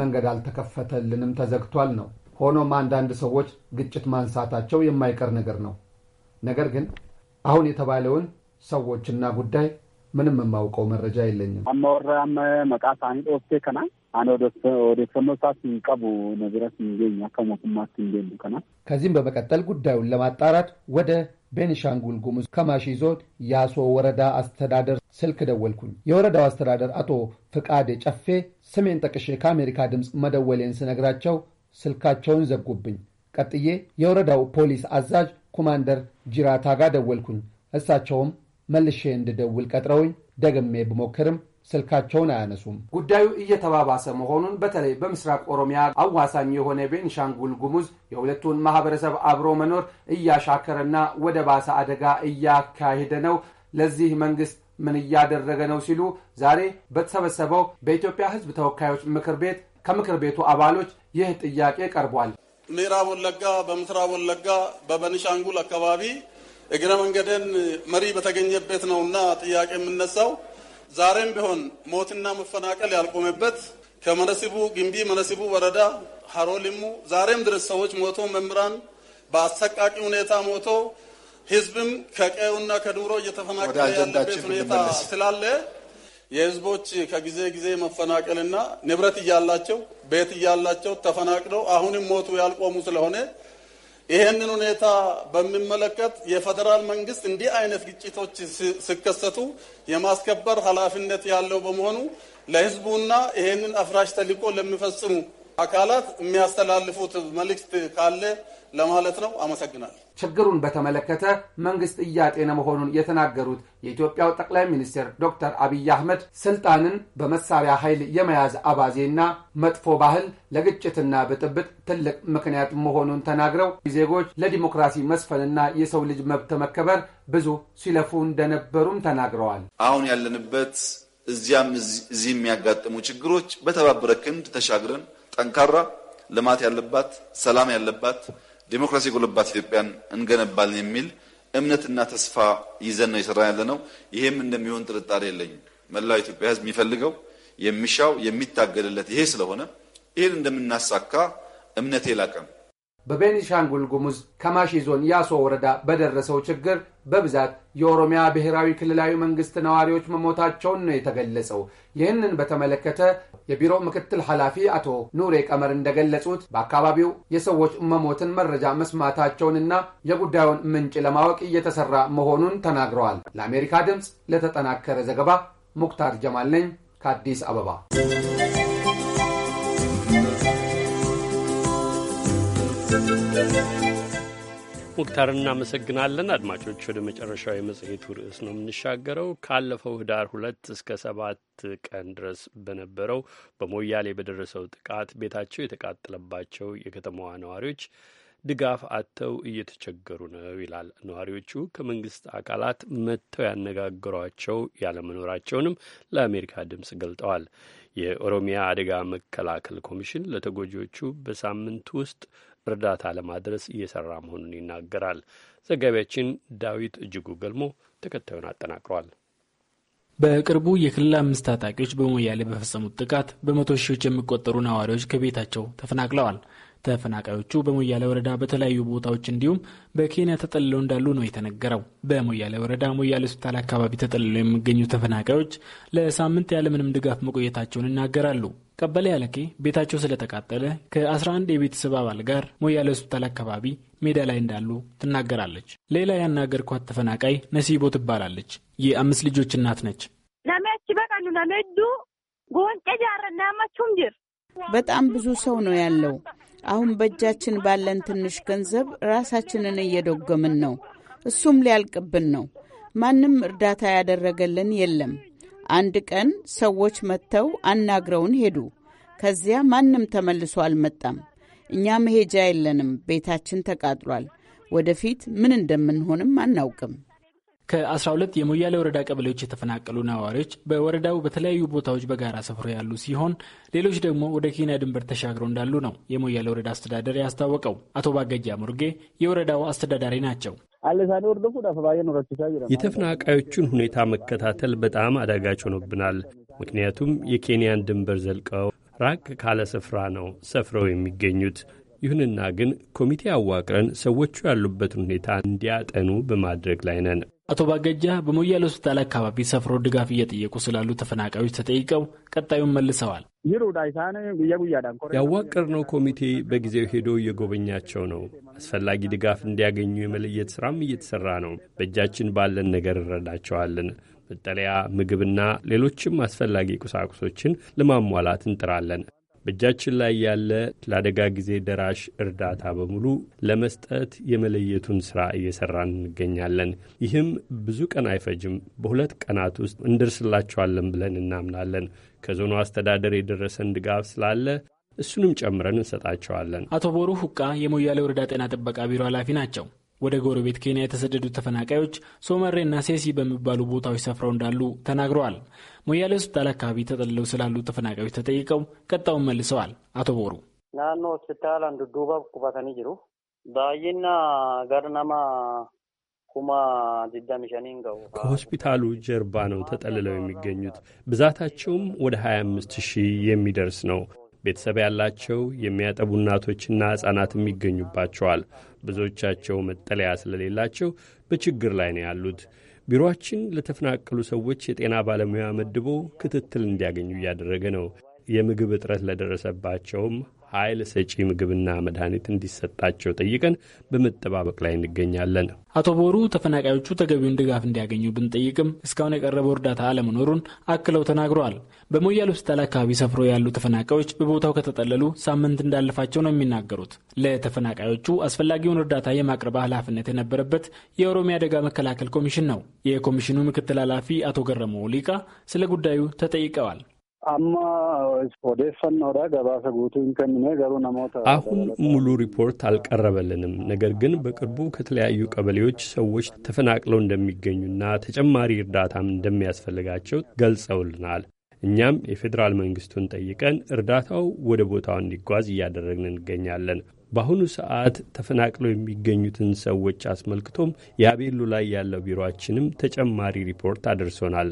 መንገድ አልተከፈተልንም፣ ተዘግቷል ነው። ሆኖም አንዳንድ ሰዎች ግጭት ማንሳታቸው የማይቀር ነገር ነው። ነገር ግን አሁን የተባለውን ሰዎችና ጉዳይ ምንም የማውቀው መረጃ የለኝም። አማወራም መቃሳኒ ኦስቴ ከና አን ወደሰመሳት ነዝረት ከዚህም በመቀጠል ጉዳዩን ለማጣራት ወደ ቤኒሻንጉል ጉሙዝ ከማሺ ዞን ያሶ ወረዳ አስተዳደር ስልክ ደወልኩኝ። የወረዳው አስተዳደር አቶ ፍቃድ ጨፌ ስሜን ጠቅሼ ከአሜሪካ ድምፅ መደወሌን ስነግራቸው ስልካቸውን ዘጉብኝ። ቀጥዬ የወረዳው ፖሊስ አዛዥ ኮማንደር ጅራታ ጋር ደወልኩኝ። እሳቸውም መልሼ እንድደውል ቀጥረውኝ ደግሜ ብሞክርም ስልካቸውን አያነሱም። ጉዳዩ እየተባባሰ መሆኑን በተለይ በምስራቅ ኦሮሚያ አዋሳኝ የሆነ ቤንሻንጉል ጉሙዝ የሁለቱን ማህበረሰብ አብሮ መኖር እያሻከረና ወደ ባሰ አደጋ እያካሄደ ነው። ለዚህ መንግስት ምን እያደረገ ነው ሲሉ ዛሬ በተሰበሰበው በኢትዮጵያ ሕዝብ ተወካዮች ምክር ቤት ከምክር ቤቱ አባሎች ይህ ጥያቄ ቀርቧል። ምዕራብ ወለጋ፣ በምስራብ ወለጋ፣ በበንሻንጉል አካባቢ እግረ መንገደን መሪ በተገኘበት ነውና ጥያቄ የምነሳው ዛሬም ቢሆን ሞትና መፈናቀል ያልቆመበት ከመነሲቡ ግንቢ መነሲቡ ወረዳ ሀሮሊሙ ዛሬም ድረስ ሰዎች ሞቶ መምህራን በአሰቃቂ ሁኔታ ሞቶ ህዝብም ከቀዩና ከዱሮ እየተፈናቀለ ያለበት ሁኔታ ስላለ የህዝቦች ከጊዜ ጊዜ መፈናቀልና ንብረት እያላቸው ቤት እያላቸው ተፈናቅለው አሁንም ሞቱ ያልቆሙ ስለሆነ ይህንን ሁኔታ በሚመለከት የፌዴራል መንግስት እንዲህ አይነት ግጭቶች ሲከሰቱ የማስከበር ኃላፊነት ያለው በመሆኑ ለህዝቡና ይህንን አፍራሽ ተልዕኮ ለሚፈጽሙ አካላት የሚያስተላልፉት መልእክት ካለ ለማለት ነው። አመሰግናል። ችግሩን በተመለከተ መንግስት እያጤነ መሆኑን የተናገሩት የኢትዮጵያው ጠቅላይ ሚኒስትር ዶክተር አብይ አህመድ ስልጣንን በመሳሪያ ኃይል የመያዝ አባዜና መጥፎ ባህል ለግጭትና ብጥብጥ ትልቅ ምክንያት መሆኑን ተናግረው ዜጎች ለዲሞክራሲ መስፈንና የሰው ልጅ መብት መከበር ብዙ ሲለፉ እንደነበሩም ተናግረዋል። አሁን ያለንበት እዚያም እዚህ የሚያጋጥሙ ችግሮች በተባበረ ክንድ ተሻግረን ጠንካራ ልማት ያለባት ሰላም ያለባት ዲሞክራሲ ጎለባት ኢትዮጵያን እንገነባለን የሚል እምነትና ተስፋ ይዘን ነው የሰራ ያለ ነው። ይሄም እንደሚሆን ጥርጣሬ የለኝም። መላው ኢትዮጵያ ሕዝብ የሚፈልገው የሚሻው የሚታገልለት ይሄ ስለሆነ ይህን እንደምናሳካ እምነት የላቀም። በቤኒሻንጉል ጉሙዝ ከማሺ ዞን ያሶ ወረዳ በደረሰው ችግር በብዛት የኦሮሚያ ብሔራዊ ክልላዊ መንግስት ነዋሪዎች መሞታቸውን ነው የተገለጸው። ይህንን በተመለከተ የቢሮ ምክትል ኃላፊ አቶ ኑሬ ቀመር እንደገለጹት በአካባቢው የሰዎች መሞትን መረጃ መስማታቸውንና የጉዳዩን ምንጭ ለማወቅ እየተሰራ መሆኑን ተናግረዋል። ለአሜሪካ ድምፅ ለተጠናከረ ዘገባ ሙክታር ጀማል ነኝ ከአዲስ አበባ ሙክታር እናመሰግናለን። አድማጮች ወደ መጨረሻው የመጽሔቱ ርዕስ ነው የምንሻገረው። ካለፈው ህዳር ሁለት እስከ ሰባት ቀን ድረስ በነበረው በሞያሌ በደረሰው ጥቃት ቤታቸው የተቃጠለባቸው የከተማዋ ነዋሪዎች ድጋፍ አጥተው እየተቸገሩ ነው ይላል። ነዋሪዎቹ ከመንግስት አካላት መጥተው ያነጋግሯቸው ያለመኖራቸውንም ለአሜሪካ ድምፅ ገልጠዋል። የኦሮሚያ አደጋ መከላከል ኮሚሽን ለተጎጂዎቹ በሳምንት ውስጥ እርዳታ ለማድረስ እየሰራ መሆኑን ይናገራል። ዘጋቢያችን ዳዊት እጅጉ ገልሞ ተከታዩን አጠናቅሯል። በቅርቡ የክልል አምስት ታጣቂዎች በሞያሌ በፈጸሙት ጥቃት በመቶ ሺዎች የሚቆጠሩ ነዋሪዎች ከቤታቸው ተፈናቅለዋል። ተፈናቃዮቹ በሞያሌ ወረዳ በተለያዩ ቦታዎች እንዲሁም በኬንያ ተጠልለው እንዳሉ ነው የተነገረው። በሞያሌ ወረዳ ሞያሌ ሆስፒታል አካባቢ ተጠልለው የሚገኙ ተፈናቃዮች ለሳምንት ያለምንም ድጋፍ መቆየታቸውን ይናገራሉ። ቀበሌ ያለኬ ቤታቸው ስለተቃጠለ ከ11 የቤተሰብ አባል ጋር ሞያሌ ሆስፒታል አካባቢ ሜዳ ላይ እንዳሉ ትናገራለች። ሌላ ያናገርኳት ተፈናቃይ ነሲቦ ትባላለች። የአምስት ልጆች እናት ነች። ነሜች በቀኑ ነሜዱ ጎንጨ ጃረ ናማችሁም ጅር በጣም ብዙ ሰው ነው ያለው። አሁን በእጃችን ባለን ትንሽ ገንዘብ ራሳችንን እየደጎምን ነው። እሱም ሊያልቅብን ነው። ማንም እርዳታ ያደረገልን የለም። አንድ ቀን ሰዎች መጥተው አናግረውን ሄዱ። ከዚያ ማንም ተመልሶ አልመጣም። እኛ መሄጃ የለንም። ቤታችን ተቃጥሏል። ወደፊት ምን እንደምንሆንም አናውቅም። ከ12 የሞያሌ ወረዳ ቀበሌዎች የተፈናቀሉ ነዋሪዎች በወረዳው በተለያዩ ቦታዎች በጋራ ሰፍረው ያሉ ሲሆን ሌሎች ደግሞ ወደ ኬንያ ድንበር ተሻግረው እንዳሉ ነው የሞያሌ ወረዳ አስተዳደር ያስታወቀው። አቶ ባገጃ ሙርጌ የወረዳው አስተዳዳሪ ናቸው። የተፈናቃዮቹን ሁኔታ መከታተል በጣም አዳጋች ሆኖብናል። ምክንያቱም የኬንያን ድንበር ዘልቀው ራቅ ካለ ስፍራ ነው ሰፍረው የሚገኙት። ይሁንና ግን ኮሚቴ አዋቅረን ሰዎቹ ያሉበትን ሁኔታ እንዲያጠኑ በማድረግ ላይ ነን። አቶ ባገጃ በሞያሌ ሆስፒታል አካባቢ ሰፍሮ ድጋፍ እየጠየቁ ስላሉ ተፈናቃዮች ተጠይቀው ቀጣዩን መልሰዋል። ያዋቀርነው ኮሚቴ በጊዜው ሄዶ እየጎበኛቸው ነው። አስፈላጊ ድጋፍ እንዲያገኙ የመለየት ስራም እየተሰራ ነው። በእጃችን ባለን ነገር እንረዳቸዋለን። መጠለያ፣ ምግብና ሌሎችም አስፈላጊ ቁሳቁሶችን ለማሟላት እንጥራለን። በእጃችን ላይ ያለ ለአደጋ ጊዜ ደራሽ እርዳታ በሙሉ ለመስጠት የመለየቱን ስራ እየሰራን እንገኛለን። ይህም ብዙ ቀን አይፈጅም። በሁለት ቀናት ውስጥ እንደርስላቸዋለን ብለን እናምናለን። ከዞኑ አስተዳደር የደረሰን ድጋፍ ስላለ እሱንም ጨምረን እንሰጣቸዋለን። አቶ ቦሩ ሁቃ የሞያሌ ወረዳ ጤና ጥበቃ ቢሮ ኃላፊ ናቸው። ወደ ጎረቤት ኬንያ የተሰደዱ ተፈናቃዮች ሶመሬና ሴሲ በሚባሉ ቦታዎች ሰፍረው እንዳሉ ተናግረዋል። ሞያሌ ሆስፒታል አካባቢ ተጠልለው ስላሉ ተፈናቃዮች ተጠይቀው ቀጣውን መልሰዋል። አቶ ቦሩ ናኖ ሆስፒታል አንዱ ዱባ ጅሩ ባይና ጋርናማ ከሆስፒታሉ ጀርባ ነው ተጠልለው የሚገኙት። ብዛታቸውም ወደ 25 ሺህ የሚደርስ ነው። ቤተሰብ ያላቸው የሚያጠቡ እናቶችና ሕፃናትም ይገኙባቸዋል። ብዙዎቻቸው መጠለያ ስለሌላቸው በችግር ላይ ነው ያሉት። ቢሮአችን ለተፈናቀሉ ሰዎች የጤና ባለሙያ መድቦ ክትትል እንዲያገኙ እያደረገ ነው። የምግብ እጥረት ለደረሰባቸውም ኃይል ሰጪ ምግብና መድኃኒት እንዲሰጣቸው ጠይቀን በመጠባበቅ ላይ እንገኛለን። አቶ ቦሩ ተፈናቃዮቹ ተገቢውን ድጋፍ እንዲያገኙ ብንጠይቅም እስካሁን የቀረበው እርዳታ አለመኖሩን አክለው ተናግረዋል። በሞያሌ ሆስፒታል አካባቢ ሰፍሮ ያሉ ተፈናቃዮች በቦታው ከተጠለሉ ሳምንት እንዳለፋቸው ነው የሚናገሩት። ለተፈናቃዮቹ አስፈላጊውን እርዳታ የማቅረብ ኃላፊነት የነበረበት የኦሮሚያ አደጋ መከላከል ኮሚሽን ነው። የኮሚሽኑ ምክትል ኃላፊ አቶ ገረመው ሊቃ ስለ ጉዳዩ ተጠይቀዋል። አሁን ሙሉ ሪፖርት አልቀረበልንም። ነገር ግን በቅርቡ ከተለያዩ ቀበሌዎች ሰዎች ተፈናቅለው እንደሚገኙና ተጨማሪ እርዳታም እንደሚያስፈልጋቸው ገልጸውልናል። እኛም የፌዴራል መንግስቱን ጠይቀን እርዳታው ወደ ቦታው እንዲጓዝ እያደረግን እንገኛለን። በአሁኑ ሰዓት ተፈናቅለው የሚገኙትን ሰዎች አስመልክቶም የአቤሉ ላይ ያለው ቢሮአችንም ተጨማሪ ሪፖርት አድርሶናል።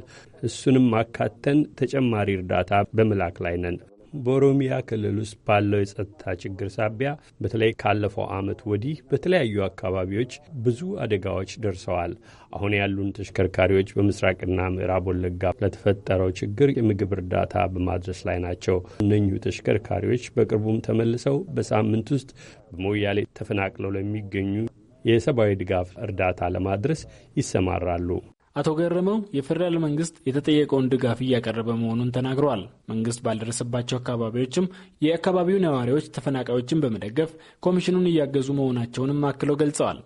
እሱንም አካተን ተጨማሪ እርዳታ በመላክ ላይ ነን። በኦሮሚያ ክልል ውስጥ ባለው የጸጥታ ችግር ሳቢያ በተለይ ካለፈው ዓመት ወዲህ በተለያዩ አካባቢዎች ብዙ አደጋዎች ደርሰዋል። አሁን ያሉን ተሽከርካሪዎች በምስራቅና ምዕራብ ወለጋ ለተፈጠረው ችግር የምግብ እርዳታ በማድረስ ላይ ናቸው። እነኚሁ ተሽከርካሪዎች በቅርቡም ተመልሰው በሳምንት ውስጥ በሞያሌ ተፈናቅለው ለሚገኙ የሰብአዊ ድጋፍ እርዳታ ለማድረስ ይሰማራሉ። አቶ ገረመው የፌዴራል መንግስት የተጠየቀውን ድጋፍ እያቀረበ መሆኑን ተናግረዋል። መንግስት ባልደረሰባቸው አካባቢዎችም የአካባቢው ነዋሪዎች ተፈናቃዮችን በመደገፍ ኮሚሽኑን እያገዙ መሆናቸውንም አክለው ገልጸዋል።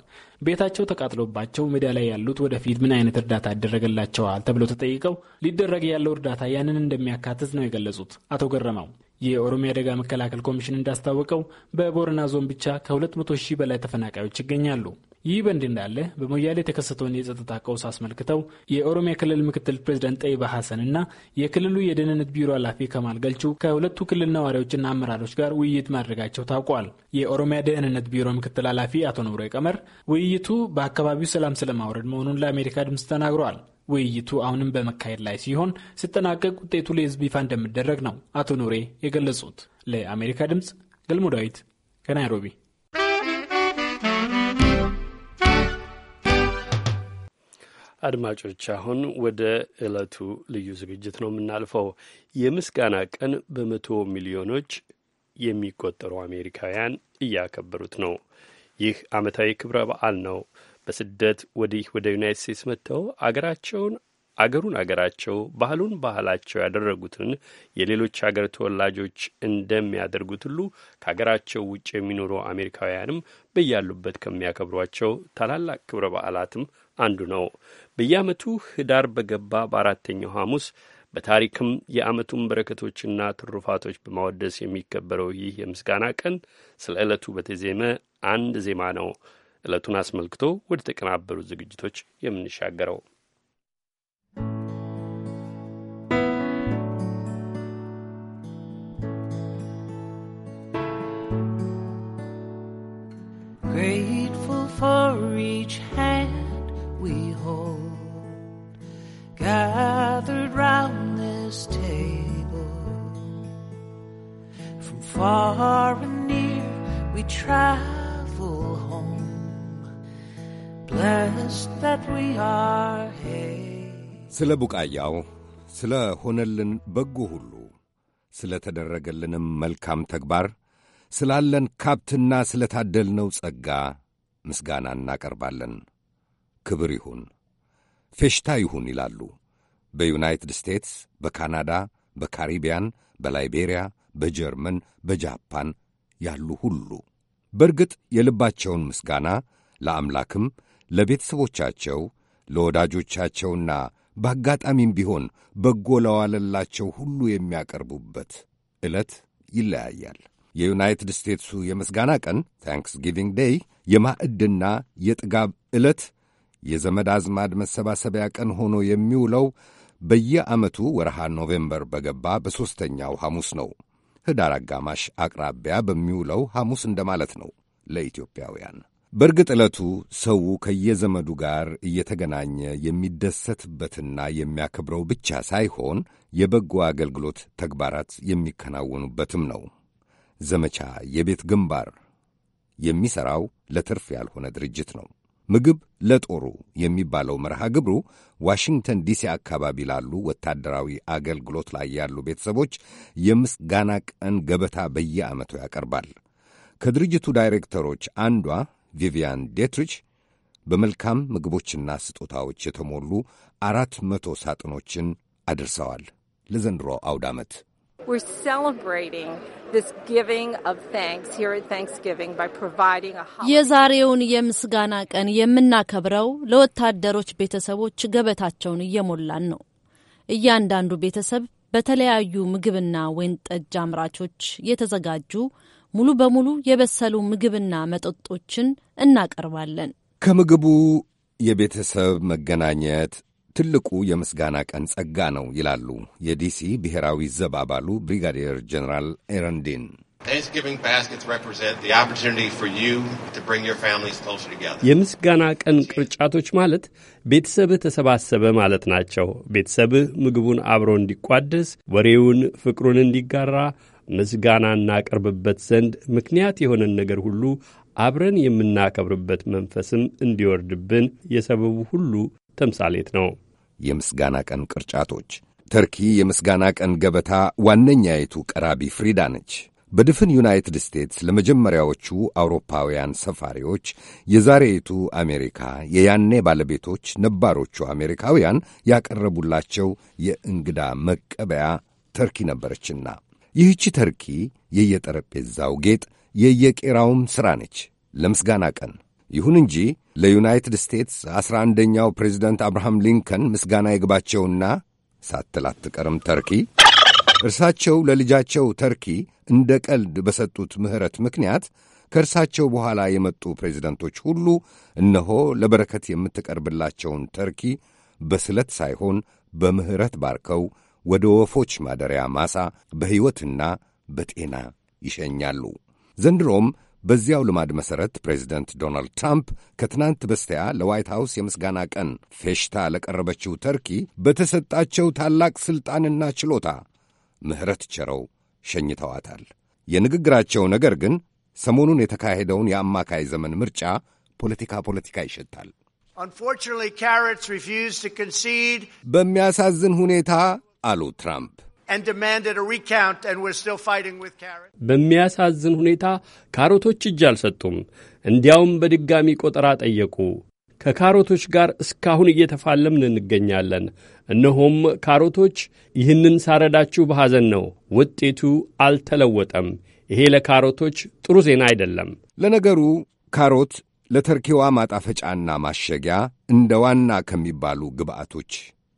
ቤታቸው ተቃጥሎባቸው ሜዳ ላይ ያሉት ወደፊት ምን አይነት እርዳታ ይደረግላቸዋል ተብሎ ተጠይቀው ሊደረግ ያለው እርዳታ ያንን እንደሚያካትት ነው የገለጹት አቶ ገረመው። የኦሮሚያ አደጋ መከላከል ኮሚሽን እንዳስታወቀው በቦረና ዞን ብቻ ከ200 ሺህ በላይ ተፈናቃዮች ይገኛሉ። ይህ በእንዲህ እንዳለ በሞያሌ የተከሰተውን የጸጥታ ቀውስ አስመልክተው የኦሮሚያ ክልል ምክትል ፕሬዚዳንት ጠይባ ሐሰን እና የክልሉ የደህንነት ቢሮ ኃላፊ ከማል ገልቹ ከሁለቱ ክልል ነዋሪዎችና አመራሮች ጋር ውይይት ማድረጋቸው ታውቋል። የኦሮሚያ ደህንነት ቢሮ ምክትል ኃላፊ አቶ ኑሬ ቀመር ውይይቱ በአካባቢው ሰላም ስለማውረድ መሆኑን ለአሜሪካ ድምፅ ተናግረዋል። ውይይቱ አሁንም በመካሄድ ላይ ሲሆን ሲጠናቀቅ ውጤቱ ለሕዝብ ይፋ እንደሚደረግ ነው አቶ ኑሬ የገለጹት። ለአሜሪካ ድምፅ ገልሞ ዳዊት ከናይሮቢ አድማጮች አሁን ወደ ዕለቱ ልዩ ዝግጅት ነው የምናልፈው። የምስጋና ቀን በመቶ ሚሊዮኖች የሚቆጠሩ አሜሪካውያን እያከበሩት ነው። ይህ ዓመታዊ ክብረ በዓል ነው። በስደት ወዲህ ወደ ዩናይት ስቴትስ መጥተው አገራቸውን አገሩን አገራቸው ባህሉን ባህላቸው ያደረጉትን የሌሎች አገር ተወላጆች እንደሚያደርጉት ሁሉ ከሀገራቸው ውጭ የሚኖሩ አሜሪካውያንም በያሉበት ከሚያከብሯቸው ታላላቅ ክብረ በዓላትም አንዱ ነው። በየዓመቱ ህዳር በገባ በአራተኛው ሐሙስ በታሪክም የዓመቱን በረከቶችና ትሩፋቶች በማወደስ የሚከበረው ይህ የምስጋና ቀን ስለ ዕለቱ በተዜመ አንድ ዜማ ነው። ዕለቱን አስመልክቶ ወደ ተቀናበሩ ዝግጅቶች የምንሻገረው grateful for each hand gathered round this table. From far and near we travel home, blessed that we are here. ስለ ቡቃያው ስለ ሆነልን በጎ ሁሉ ስለ ተደረገልንም መልካም ተግባር ስላለን ካብትና ስለ ታደልነው ጸጋ ምስጋና እናቀርባለን። ክብር ይሁን ፌሽታ ይሁን ይላሉ። በዩናይትድ ስቴትስ፣ በካናዳ፣ በካሪቢያን፣ በላይቤሪያ፣ በጀርመን፣ በጃፓን ያሉ ሁሉ በእርግጥ የልባቸውን ምስጋና ለአምላክም ለቤተሰቦቻቸው ለወዳጆቻቸውና በአጋጣሚም ቢሆን በጎ ለዋለላቸው ሁሉ የሚያቀርቡበት ዕለት ይለያያል። የዩናይትድ ስቴትሱ የምስጋና ቀን ታንክስጊቪንግ ዴይ የማዕድና የጥጋብ ዕለት የዘመድ አዝማድ መሰባሰቢያ ቀን ሆኖ የሚውለው በየዓመቱ ወርሃ ኖቬምበር በገባ በሦስተኛው ሐሙስ ነው። ህዳር አጋማሽ አቅራቢያ በሚውለው ሐሙስ እንደማለት ነው ለኢትዮጵያውያን። በእርግጥ ዕለቱ ሰው ከየዘመዱ ጋር እየተገናኘ የሚደሰትበትና የሚያከብረው ብቻ ሳይሆን የበጎ አገልግሎት ተግባራት የሚከናወኑበትም ነው። ዘመቻ የቤት ግንባር የሚሠራው ለትርፍ ያልሆነ ድርጅት ነው። ምግብ ለጦሩ የሚባለው መርሃ ግብሩ ዋሽንግተን ዲሲ አካባቢ ላሉ ወታደራዊ አገልግሎት ላይ ያሉ ቤተሰቦች የምስጋና ቀን ገበታ በየዓመቱ ያቀርባል። ከድርጅቱ ዳይሬክተሮች አንዷ ቪቪያን ዴትሪች በመልካም ምግቦችና ስጦታዎች የተሞሉ አራት መቶ ሳጥኖችን አድርሰዋል ለዘንድሮ አውድ ዓመት። We're celebrating this giving of thanks here at Thanksgiving by providing a holiday. የዛሬውን የምስጋና ቀን የምናከብረው ለወታደሮች ቤተሰቦች ገበታቸውን እየሞላን ነው። እያንዳንዱ ቤተሰብ በተለያዩ ምግብና ወይን ጠጅ አምራቾች የተዘጋጁ ሙሉ በሙሉ የበሰሉ ምግብና መጠጦችን እናቀርባለን። ከምግቡ የቤተሰብ መገናኘት ትልቁ የምስጋና ቀን ጸጋ ነው ይላሉ የዲሲ ብሔራዊ ዘብ አባሉ ብሪጋዴር ጀኔራል ኤረንዲን። የምስጋና ቀን ቅርጫቶች ማለት ቤተሰብህ ተሰባሰበ ማለት ናቸው። ቤተሰብህ ምግቡን አብሮ እንዲቋደስ፣ ወሬውን፣ ፍቅሩን እንዲጋራ ምስጋና እናቀርብበት ዘንድ ምክንያት የሆነን ነገር ሁሉ አብረን የምናከብርበት መንፈስም እንዲወርድብን የሰበቡ ሁሉ ተምሳሌት ነው። የምስጋና ቀን ቅርጫቶች። ተርኪ የምስጋና ቀን ገበታ ዋነኛይቱ ቀራቢ ፍሪዳ ነች። በድፍን ዩናይትድ ስቴትስ ለመጀመሪያዎቹ አውሮፓውያን ሰፋሪዎች የዛሬይቱ አሜሪካ የያኔ ባለቤቶች ነባሮቹ አሜሪካውያን ያቀረቡላቸው የእንግዳ መቀበያ ተርኪ ነበረችና ይህቺ ተርኪ የየጠረጴዛው ጌጥ የየቄራውም ሥራ ነች። ለምስጋና ቀን ይሁን እንጂ ለዩናይትድ ስቴትስ ዐሥራ አንደኛው ፕሬዚደንት አብርሃም ሊንከን ምስጋና ይግባቸውና ሳትላትቀርም ተርኪ እርሳቸው ለልጃቸው ተርኪ እንደ ቀልድ በሰጡት ምሕረት ምክንያት ከእርሳቸው በኋላ የመጡ ፕሬዚደንቶች ሁሉ እነሆ ለበረከት የምትቀርብላቸውን ተርኪ በስለት ሳይሆን በምሕረት ባርከው ወደ ወፎች ማደሪያ ማሳ በሕይወትና በጤና ይሸኛሉ። ዘንድሮም በዚያው ልማድ መሠረት ፕሬዚደንት ዶናልድ ትራምፕ ከትናንት በስቲያ ለዋይት ሃውስ የምስጋና ቀን ፌሽታ ለቀረበችው ተርኪ በተሰጣቸው ታላቅ ሥልጣንና ችሎታ ምሕረት ቸረው ሸኝተዋታል። የንግግራቸው ነገር ግን ሰሞኑን የተካሄደውን የአማካይ ዘመን ምርጫ ፖለቲካ ፖለቲካ ይሸታል። በሚያሳዝን ሁኔታ አሉ ትራምፕ በሚያሳዝን ሁኔታ ካሮቶች እጅ አልሰጡም። እንዲያውም በድጋሚ ቆጠራ ጠየቁ። ከካሮቶች ጋር እስካሁን እየተፋለምን እንገኛለን። እነሆም ካሮቶች ይህንን ሳረዳችሁ በሐዘን ነው፣ ውጤቱ አልተለወጠም። ይሄ ለካሮቶች ጥሩ ዜና አይደለም። ለነገሩ ካሮት ለተርኪዋ ማጣፈጫና ማሸጊያ እንደ ዋና ከሚባሉ ግብአቶች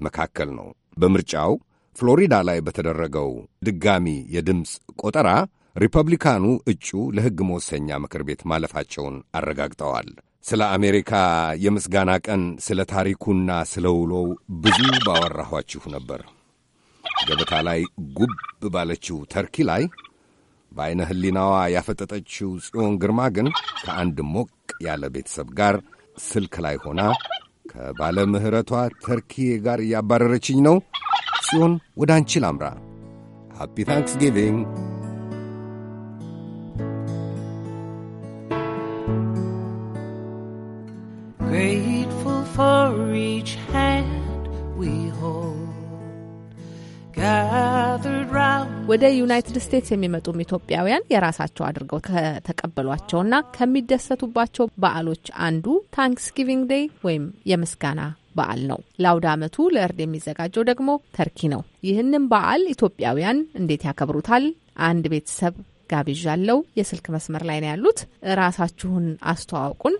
መካከል ነው። በምርጫው ፍሎሪዳ ላይ በተደረገው ድጋሚ የድምፅ ቆጠራ ሪፐብሊካኑ እጩ ለሕግ መወሰኛ ምክር ቤት ማለፋቸውን አረጋግጠዋል። ስለ አሜሪካ የምስጋና ቀን ስለ ታሪኩና ስለ ውሎው ብዙ ባወራኋችሁ ነበር። ገበታ ላይ ጉብ ባለችው ተርኪ ላይ በዐይነ ሕሊናዋ ያፈጠጠችው ጽዮን ግርማ ግን ከአንድ ሞቅ ያለ ቤተሰብ ጋር ስልክ ላይ ሆና ከባለ ምሕረቷ ጋር እያባረረችኝ ነው ጽዮን ወደ አንቺ ላምራ። ሃፒ ታንክስ ጊቪንግ Grateful for each hand we hold. ወደ ዩናይትድ ስቴትስ የሚመጡም ኢትዮጵያውያን የራሳቸው አድርገው ከተቀበሏቸውና ከሚደሰቱባቸው በዓሎች አንዱ ታንክስጊቪንግ ዴይ ወይም የምስጋና በዓል ነው። ለአውደ አመቱ ለእርድ የሚዘጋጀው ደግሞ ተርኪ ነው። ይህንን በዓል ኢትዮጵያውያን እንዴት ያከብሩታል? አንድ ቤተሰብ ጋብዣለሁ። የስልክ መስመር ላይ ነው ያሉት። ራሳችሁን አስተዋውቁን።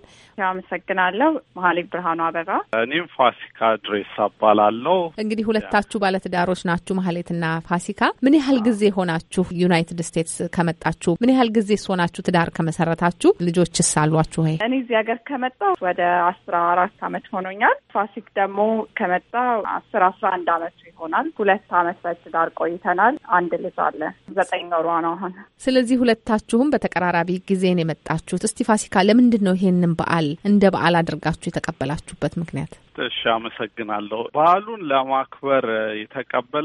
አመሰግናለሁ። መሀሌ ብርሃኑ አበባ። እኔም ፋሲካ ድሬስ አባላለሁ። እንግዲህ ሁለታችሁ ባለትዳሮች ናችሁ መሀሌትና ፋሲካ። ምን ያህል ጊዜ ሆናችሁ ዩናይትድ ስቴትስ ከመጣችሁ? ምን ያህል ጊዜ ሆናችሁ ትዳር ከመሰረታችሁ? ልጆችስ አሏችሁ ወይ? እኔ እዚህ ሀገር ከመጣሁ ወደ አስራ አራት አመት ሆኖኛል። ፋሲክ ደግሞ ከመጣ አስር አስራ አንድ አመቱ ይሆናል። ሁለት አመት በትዳር ቆይተናል። አንድ ልጅ አለ። ዘጠኝ ወሯ ነው አሁን። ስለዚህ ሁለታችሁም በተቀራራቢ ጊዜን የመጣችሁት። እስቲ ፋሲካ፣ ለምንድን ነው ይሄንን በዓል እንደ በዓል አድርጋችሁ የተቀበላችሁበት ምክንያት? እሺ፣ አመሰግናለሁ። በዓሉን ለማክበር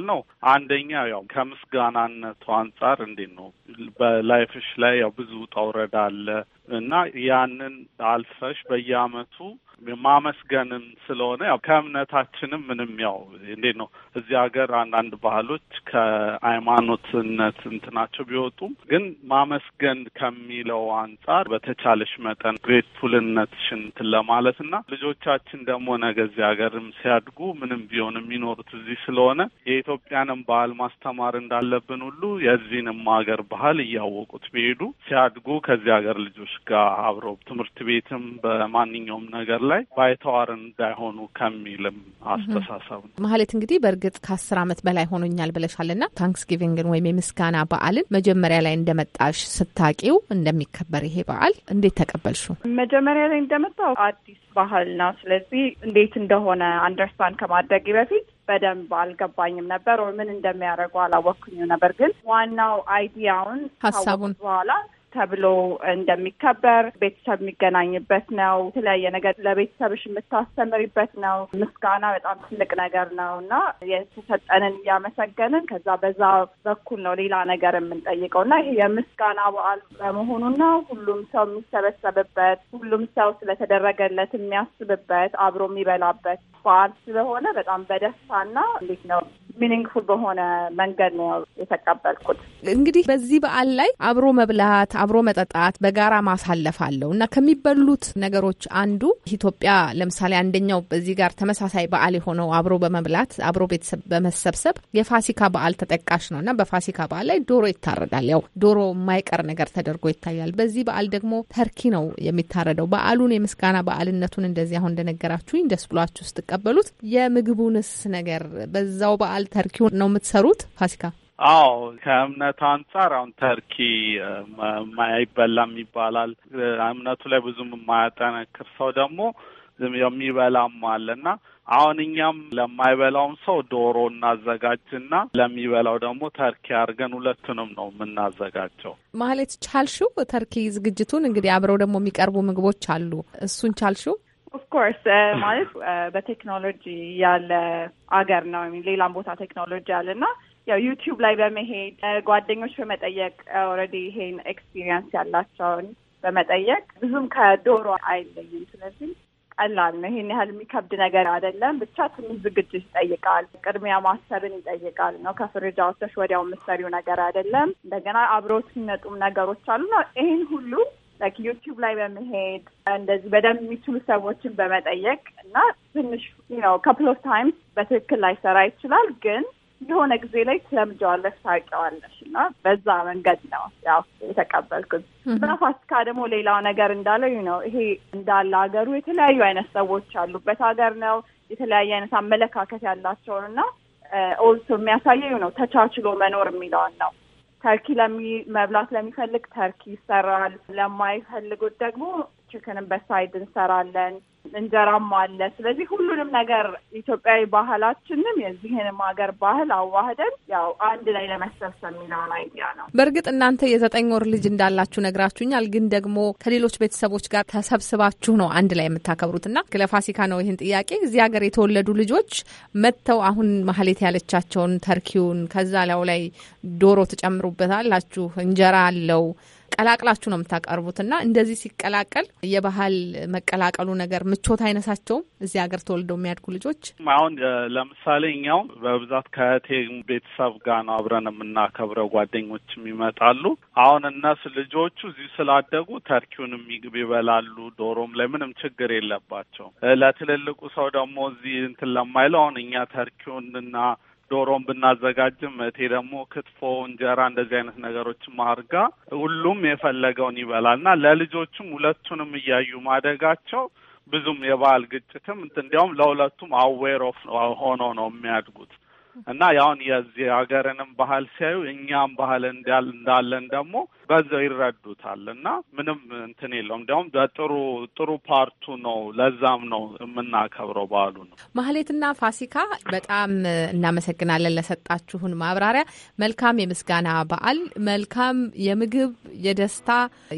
ነው። አንደኛ ያው ከምስጋናነቱ አንጻር እንዴት ነው በላይፍሽ ላይ ያው ብዙ ውጣ ውረድ አለ እና ያንን አልፈሽ በየአመቱ ማመስገንም ስለሆነ ያው ከእምነታችንም ምንም ያው እንዴት ነው እዚህ ሀገር አንዳንድ ባህሎች ከሃይማኖትነት እንትናቸው ቢወጡም ግን ማመስገን ከሚለው አንጻር በተቻለሽ መጠን ግሬትፉልነትሽን እንትን ለማለት እና ልጆቻችን ደግሞ ነገ እዚህ ሀገርም ሲያድጉ ምንም ቢሆን የሚኖሩት እዚህ ስለሆነ የኢትዮጵያንም ባህል ማስተማር እንዳለብን ሁሉ የዚህንም ሀገር ባህል እያወቁት ቢሄዱ ሲያድጉ ከዚህ ሀገር ልጆች ጋር አብረው ትምህርት ቤትም በማንኛውም ነገር ላይ ባይተዋር እንዳይሆኑ ከሚልም አስተሳሰብ ነው። ማህሌት እንግዲህ በእርግጥ ከአስር አመት በላይ ሆኖኛል ብለሻል ና ታንክስጊቪንግን ወይም የምስጋና በዓልን መጀመሪያ ላይ እንደመጣሽ ስታቂው እንደሚከበር ይሄ በዓል እንዴት ተቀበልሹ? መጀመሪያ ላይ እንደመጣው አዲስ ባህል ነው። ስለዚህ እንዴት እንደሆነ አንደርስታንድ ከማድረግ በፊት በደንብ አልገባኝም ነበር፣ ወይ ምን እንደሚያደርጉ አላወቅኩኝም ነበር። ግን ዋናው አይዲያውን ሀሳቡን በኋላ ተብሎ እንደሚከበር ቤተሰብ የሚገናኝበት ነው። የተለያየ ነገር ለቤተሰብሽ የምታስተምሪበት ነው። ምስጋና በጣም ትልቅ ነገር ነው እና የተሰጠንን እያመሰገንን ከዛ በዛ በኩል ነው ሌላ ነገር የምንጠይቀው እና ይሄ የምስጋና በዓል በመሆኑና ሁሉም ሰው የሚሰበሰብበት ሁሉም ሰው ስለተደረገለት የሚያስብበት አብሮ የሚበላበት በዓል ስለሆነ በጣም በደስታና እንዴት ነው ሚኒንግፉል በሆነ መንገድ ነው የተቀበልኩት። እንግዲህ በዚህ በዓል ላይ አብሮ መብላት አብሮ መጠጣት፣ በጋራ ማሳለፍ አለው እና ከሚበሉት ነገሮች አንዱ ኢትዮጵያ ለምሳሌ አንደኛው በዚህ ጋር ተመሳሳይ በዓል የሆነው አብሮ በመብላት አብሮ ቤተሰብ በመሰብሰብ የፋሲካ በዓል ተጠቃሽ ነው እና በፋሲካ በዓል ላይ ዶሮ ይታረዳል። ያው ዶሮ የማይቀር ነገር ተደርጎ ይታያል። በዚህ በዓል ደግሞ ተርኪ ነው የሚታረደው። በዓሉን የምስጋና በዓልነቱን እንደዚህ አሁን እንደነገራችሁኝ ደስ ብሏችሁ ስትቀበሉት የምግቡንስ ነገር በዛው በዓል ተርኪውን ነው የምትሰሩት ፋሲካ አዎ ከእምነት አንጻር አሁን ተርኪ ማይበላም ይባላል። እምነቱ ላይ ብዙም የማያጠነክር ሰው ደግሞ የሚበላም አለ እና አሁን እኛም ለማይበላውም ሰው ዶሮ እናዘጋጅና ለሚበላው ደግሞ ተርኪ አድርገን ሁለቱንም ነው የምናዘጋጀው። ማህሌት ቻልሽው ተርኪ ዝግጅቱን እንግዲህ አብረው ደግሞ የሚቀርቡ ምግቦች አሉ። እሱን ቻልሽው? ኦፍኮርስ ማለት በቴክኖሎጂ ያለ አገር ነው። ሌላም ቦታ ቴክኖሎጂ አለና ያው ዩቲዩብ ላይ በመሄድ ጓደኞች በመጠየቅ ኦልሬዲ ይሄን ኤክስፒሪየንስ ያላቸውን በመጠየቅ ብዙም ከዶሮ አይለይም። ስለዚህ ቀላል ነው። ይሄን ያህል የሚከብድ ነገር አይደለም። ብቻ ትንሽ ዝግጅት ይጠይቃል። ቅድሚያ ማሰብን ይጠይቃል ነው ከፍሪጅ አውጥተሽ ወዲያው የምትሰሪው ነገር አይደለም። እንደገና አብረውት የሚመጡም ነገሮች አሉ። ይህን ሁሉ ላይክ ዩቲዩብ ላይ በመሄድ እንደዚህ በደንብ የሚችሉ ሰዎችን በመጠየቅ እና ትንሽ ነው ታይምስ በትክክል ላይሰራ ይችላል ግን የሆነ ጊዜ ላይ ትለምጃዋለሽ፣ ታውቂዋለሽ እና በዛ መንገድ ነው ያው የተቀበልኩት። እዛ ደግሞ ሌላው ነገር እንዳለ ነው ይሄ እንዳለ ሀገሩ የተለያዩ አይነት ሰዎች ያሉበት ሀገር ነው የተለያየ አይነት አመለካከት ያላቸውን እና ኦልሶ የሚያሳየው ነው ተቻችሎ መኖር የሚለውን ነው። ተርኪ መብላት ለሚፈልግ ተርኪ ይሰራል፣ ለማይፈልጉት ደግሞ ችክንን በሳይድ እንሰራለን። እንጀራም አለ። ስለዚህ ሁሉንም ነገር ኢትዮጵያዊ ባህላችንም የዚህንም ሀገር ባህል አዋህደን ያው አንድ ላይ ለመሰብሰብ የሚለውን አይዲያ ነው። በእርግጥ እናንተ የዘጠኝ ወር ልጅ እንዳላችሁ ነግራችሁኛል። ግን ደግሞ ከሌሎች ቤተሰቦች ጋር ተሰብስባችሁ ነው አንድ ላይ የምታከብሩት እና ለፋሲካ ነው ይህን ጥያቄ እዚህ ሀገር የተወለዱ ልጆች መጥተው አሁን ማህሌት ያለቻቸውን ተርኪውን ከዛ ላው ላይ ዶሮ ትጨምሩበታላችሁ እንጀራ አለው ቀላቅላችሁ ነው የምታቀርቡት እና እንደዚህ ሲቀላቀል የባህል መቀላቀሉ ነገር ምቾት አይነሳቸውም? እዚህ ሀገር ተወልደው የሚያድጉ ልጆች አሁን ለምሳሌ እኛው በብዛት ከእህቴ ቤተሰብ ጋር ነው አብረን የምናከብረው፣ ጓደኞችም ይመጣሉ። አሁን እነሱ ልጆቹ እዚህ ስላደጉ ተርኪውን ምግብ ይበላሉ። ዶሮም ላይ ምንም ችግር የለባቸው። ለትልልቁ ሰው ደግሞ እዚህ እንትን ለማይለው አሁን እኛ ተርኪውንና ዶሮም ብናዘጋጅም እቴ ደግሞ ክትፎ፣ እንጀራ እንደዚህ አይነት ነገሮችም ማርጋ ሁሉም የፈለገውን ይበላል እና ለልጆቹም ሁለቱንም እያዩ ማደጋቸው ብዙም የባህል ግጭትም እንዲያውም ለሁለቱም አዌር ኦፍ ሆኖ ነው የሚያድጉት። እና ያውን የዚህ ሀገርንም ባህል ሲያዩ እኛም ባህል እንዳለን ደግሞ በዛው ይረዱታል እና ምንም እንትን የለውም። እንዲያውም በጥሩ ጥሩ ፓርቱ ነው። ለዛም ነው የምናከብረው በዓሉ ነው። ማህሌትና ፋሲካ በጣም እናመሰግናለን ለሰጣችሁን ማብራሪያ። መልካም የምስጋና በዓል፣ መልካም የምግብ የደስታ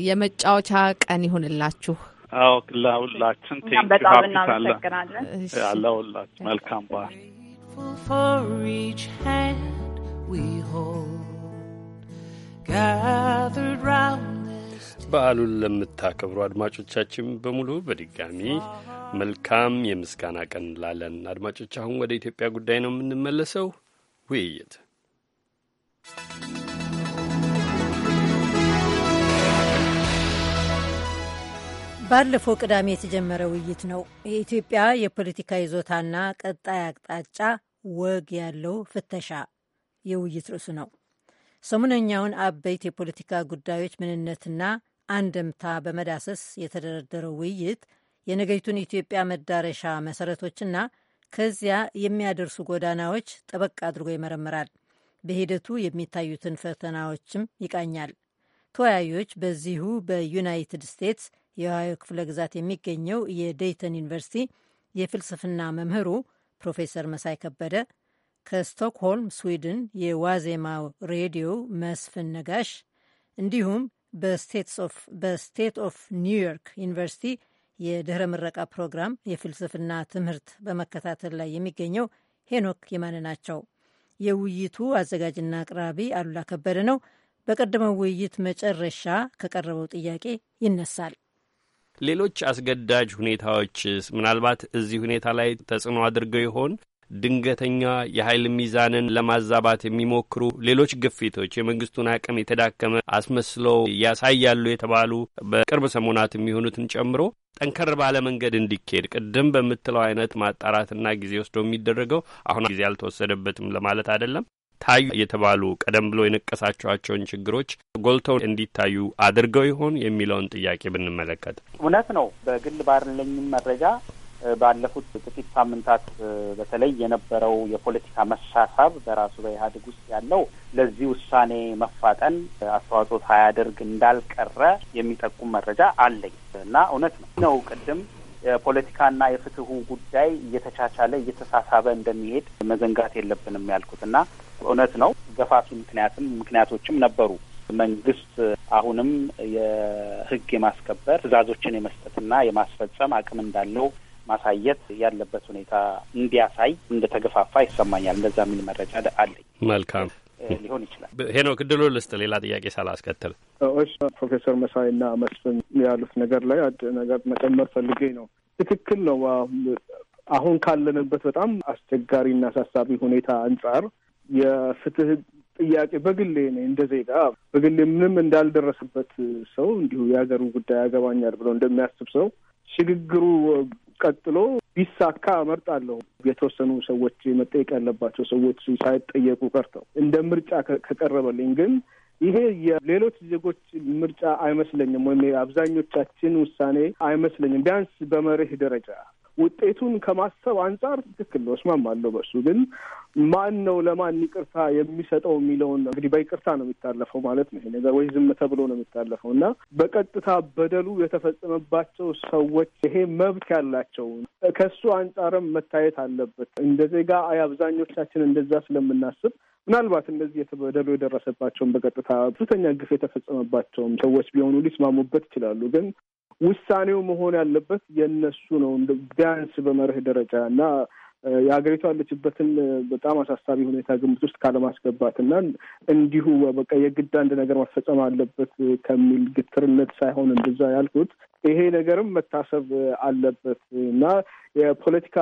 የመጫወቻ ቀን ይሁንላችሁ። አዎ ለሁላችን በጣም እናመሰግናለን። ለሁላችን መልካም በዓል grateful for each hand we hold በዓሉን ለምታከብሩ አድማጮቻችን በሙሉ በድጋሚ መልካም የምስጋና ቀን እንላለን። አድማጮች አሁን ወደ ኢትዮጵያ ጉዳይ ነው የምንመለሰው። ውይይት ባለፈው ቅዳሜ የተጀመረ ውይይት ነው። የኢትዮጵያ የፖለቲካ ይዞታና ቀጣይ አቅጣጫ ወግ ያለው ፍተሻ የውይይት ርዕሱ ነው። ሰሞነኛውን አበይት የፖለቲካ ጉዳዮች ምንነትና አንድምታ በመዳሰስ የተደረደረው ውይይት የነገይቱን ኢትዮጵያ መዳረሻ መሰረቶችና ከዚያ የሚያደርሱ ጎዳናዎች ጠበቅ አድርጎ ይመረምራል። በሂደቱ የሚታዩትን ፈተናዎችም ይቃኛል። ተወያዮች በዚሁ በዩናይትድ ስቴትስ የኦሃዮ ክፍለ ግዛት የሚገኘው የዴይተን ዩኒቨርሲቲ የፍልስፍና መምህሩ ፕሮፌሰር መሳይ ከበደ፣ ከስቶክሆልም ስዊድን የዋዜማው ሬዲዮ መስፍን ነጋሽ እንዲሁም በስቴት ኦፍ ኒውዮርክ ዩኒቨርሲቲ የድኅረ ምረቃ ፕሮግራም የፍልስፍና ትምህርት በመከታተል ላይ የሚገኘው ሄኖክ የማን ናቸው። የውይይቱ አዘጋጅና አቅራቢ አሉላ ከበደ ነው። በቀደመው ውይይት መጨረሻ ከቀረበው ጥያቄ ይነሳል። ሌሎች አስገዳጅ ሁኔታዎች ምናልባት እዚህ ሁኔታ ላይ ተጽዕኖ አድርገው ይሆን? ድንገተኛ የኃይል ሚዛንን ለማዛባት የሚሞክሩ ሌሎች ግፊቶች የመንግስቱን አቅም የተዳከመ አስመስለው ያሳያሉ የተባሉ በቅርብ ሰሞናት የሚሆኑትን ጨምሮ ጠንከር ባለ መንገድ እንዲካሄድ ቅድም በምትለው አይነት ማጣራትና ጊዜ ወስዶ የሚደረገው አሁን ጊዜ አልተወሰደበትም ለማለት አይደለም። ታዩ የተባሉ ቀደም ብሎ የነቀሳችኋቸውን ችግሮች ጎልተው እንዲታዩ አድርገው ይሆን የሚለውን ጥያቄ ብንመለከት እውነት ነው። በግል ባለኝም መረጃ ባለፉት ጥቂት ሳምንታት በተለይ የነበረው የፖለቲካ መሳሳብ በራሱ በኢህአዴግ ውስጥ ያለው ለዚህ ውሳኔ መፋጠን አስተዋጽኦ ሳያደርግ እንዳልቀረ የሚጠቁም መረጃ አለኝ እና እውነት ነው ነው ቅድም የፖለቲካና የፍትሁ ጉዳይ እየተቻቻለ እየተሳሳበ እንደሚሄድ መዘንጋት የለብንም ያልኩት እና እውነት ነው። ገፋፊ ምክንያትም ምክንያቶችም ነበሩ። መንግስት አሁንም የህግ የማስከበር ትእዛዞችን የመስጠትና የማስፈጸም አቅም እንዳለው ማሳየት ያለበት ሁኔታ እንዲያሳይ እንደተገፋፋ ይሰማኛል። እንደዛ የሚል መረጃ አለኝ። መልካም ሊሆን ይችላል። ሄኖክ እድሉን ልስጥ፣ ሌላ ጥያቄ ሳላስከትል። እሺ፣ ፕሮፌሰር መሳይና መስፍን ያሉት ነገር ላይ አንድ ነገር መጨመር ፈልጌ ነው። ትክክል ነው። አሁን ካለንበት በጣም አስቸጋሪና አሳሳቢ ሁኔታ አንጻር የፍትህ ጥያቄ በግሌ ነ እንደ ዜጋ በግሌ ምንም እንዳልደረስበት ሰው እንዲሁ የሀገሩ ጉዳይ ያገባኛል ብሎ እንደሚያስብ ሰው ሽግግሩ ቀጥሎ ቢሳካ እመርጣለሁ። የተወሰኑ ሰዎች መጠየቅ ያለባቸው ሰዎች ሳይጠየቁ ቀርተው እንደ ምርጫ ከቀረበልኝ ግን ይሄ የሌሎች ዜጎች ምርጫ አይመስለኝም፣ ወይም የአብዛኞቻችን ውሳኔ አይመስለኝም። ቢያንስ በመርህ ደረጃ ውጤቱን ከማሰብ አንጻር ትክክል ነው፣ እስማማለሁ በእሱ። ግን ማን ነው ለማን ይቅርታ የሚሰጠው የሚለውን እንግዲህ በይቅርታ ነው የሚታለፈው ማለት ነው ይሄ ነገር ወይ ዝም ተብሎ ነው የሚታለፈው እና በቀጥታ በደሉ የተፈጸመባቸው ሰዎች ይሄ መብት ያላቸው ከእሱ አንጻርም መታየት አለበት። እንደ ዜጋ አይ አብዛኞቻችን እንደዛ ስለምናስብ ምናልባት እንደዚህ የተበደሉ የደረሰባቸውን በቀጥታ ከፍተኛ ግፍ የተፈጸመባቸውም ሰዎች ቢሆኑ ሊስማሙበት ይችላሉ። ግን ውሳኔው መሆን ያለበት የነሱ ነው ቢያንስ በመርህ ደረጃ እና የሀገሪቷ ያለችበትን በጣም አሳሳቢ ሁኔታ ግምት ውስጥ ካለማስገባትና እንዲሁ በቃ የግድ አንድ ነገር ማስፈጸም አለበት ከሚል ግትርነት ሳይሆን እንደዛ ያልኩት ይሄ ነገርም መታሰብ አለበት እና የፖለቲካ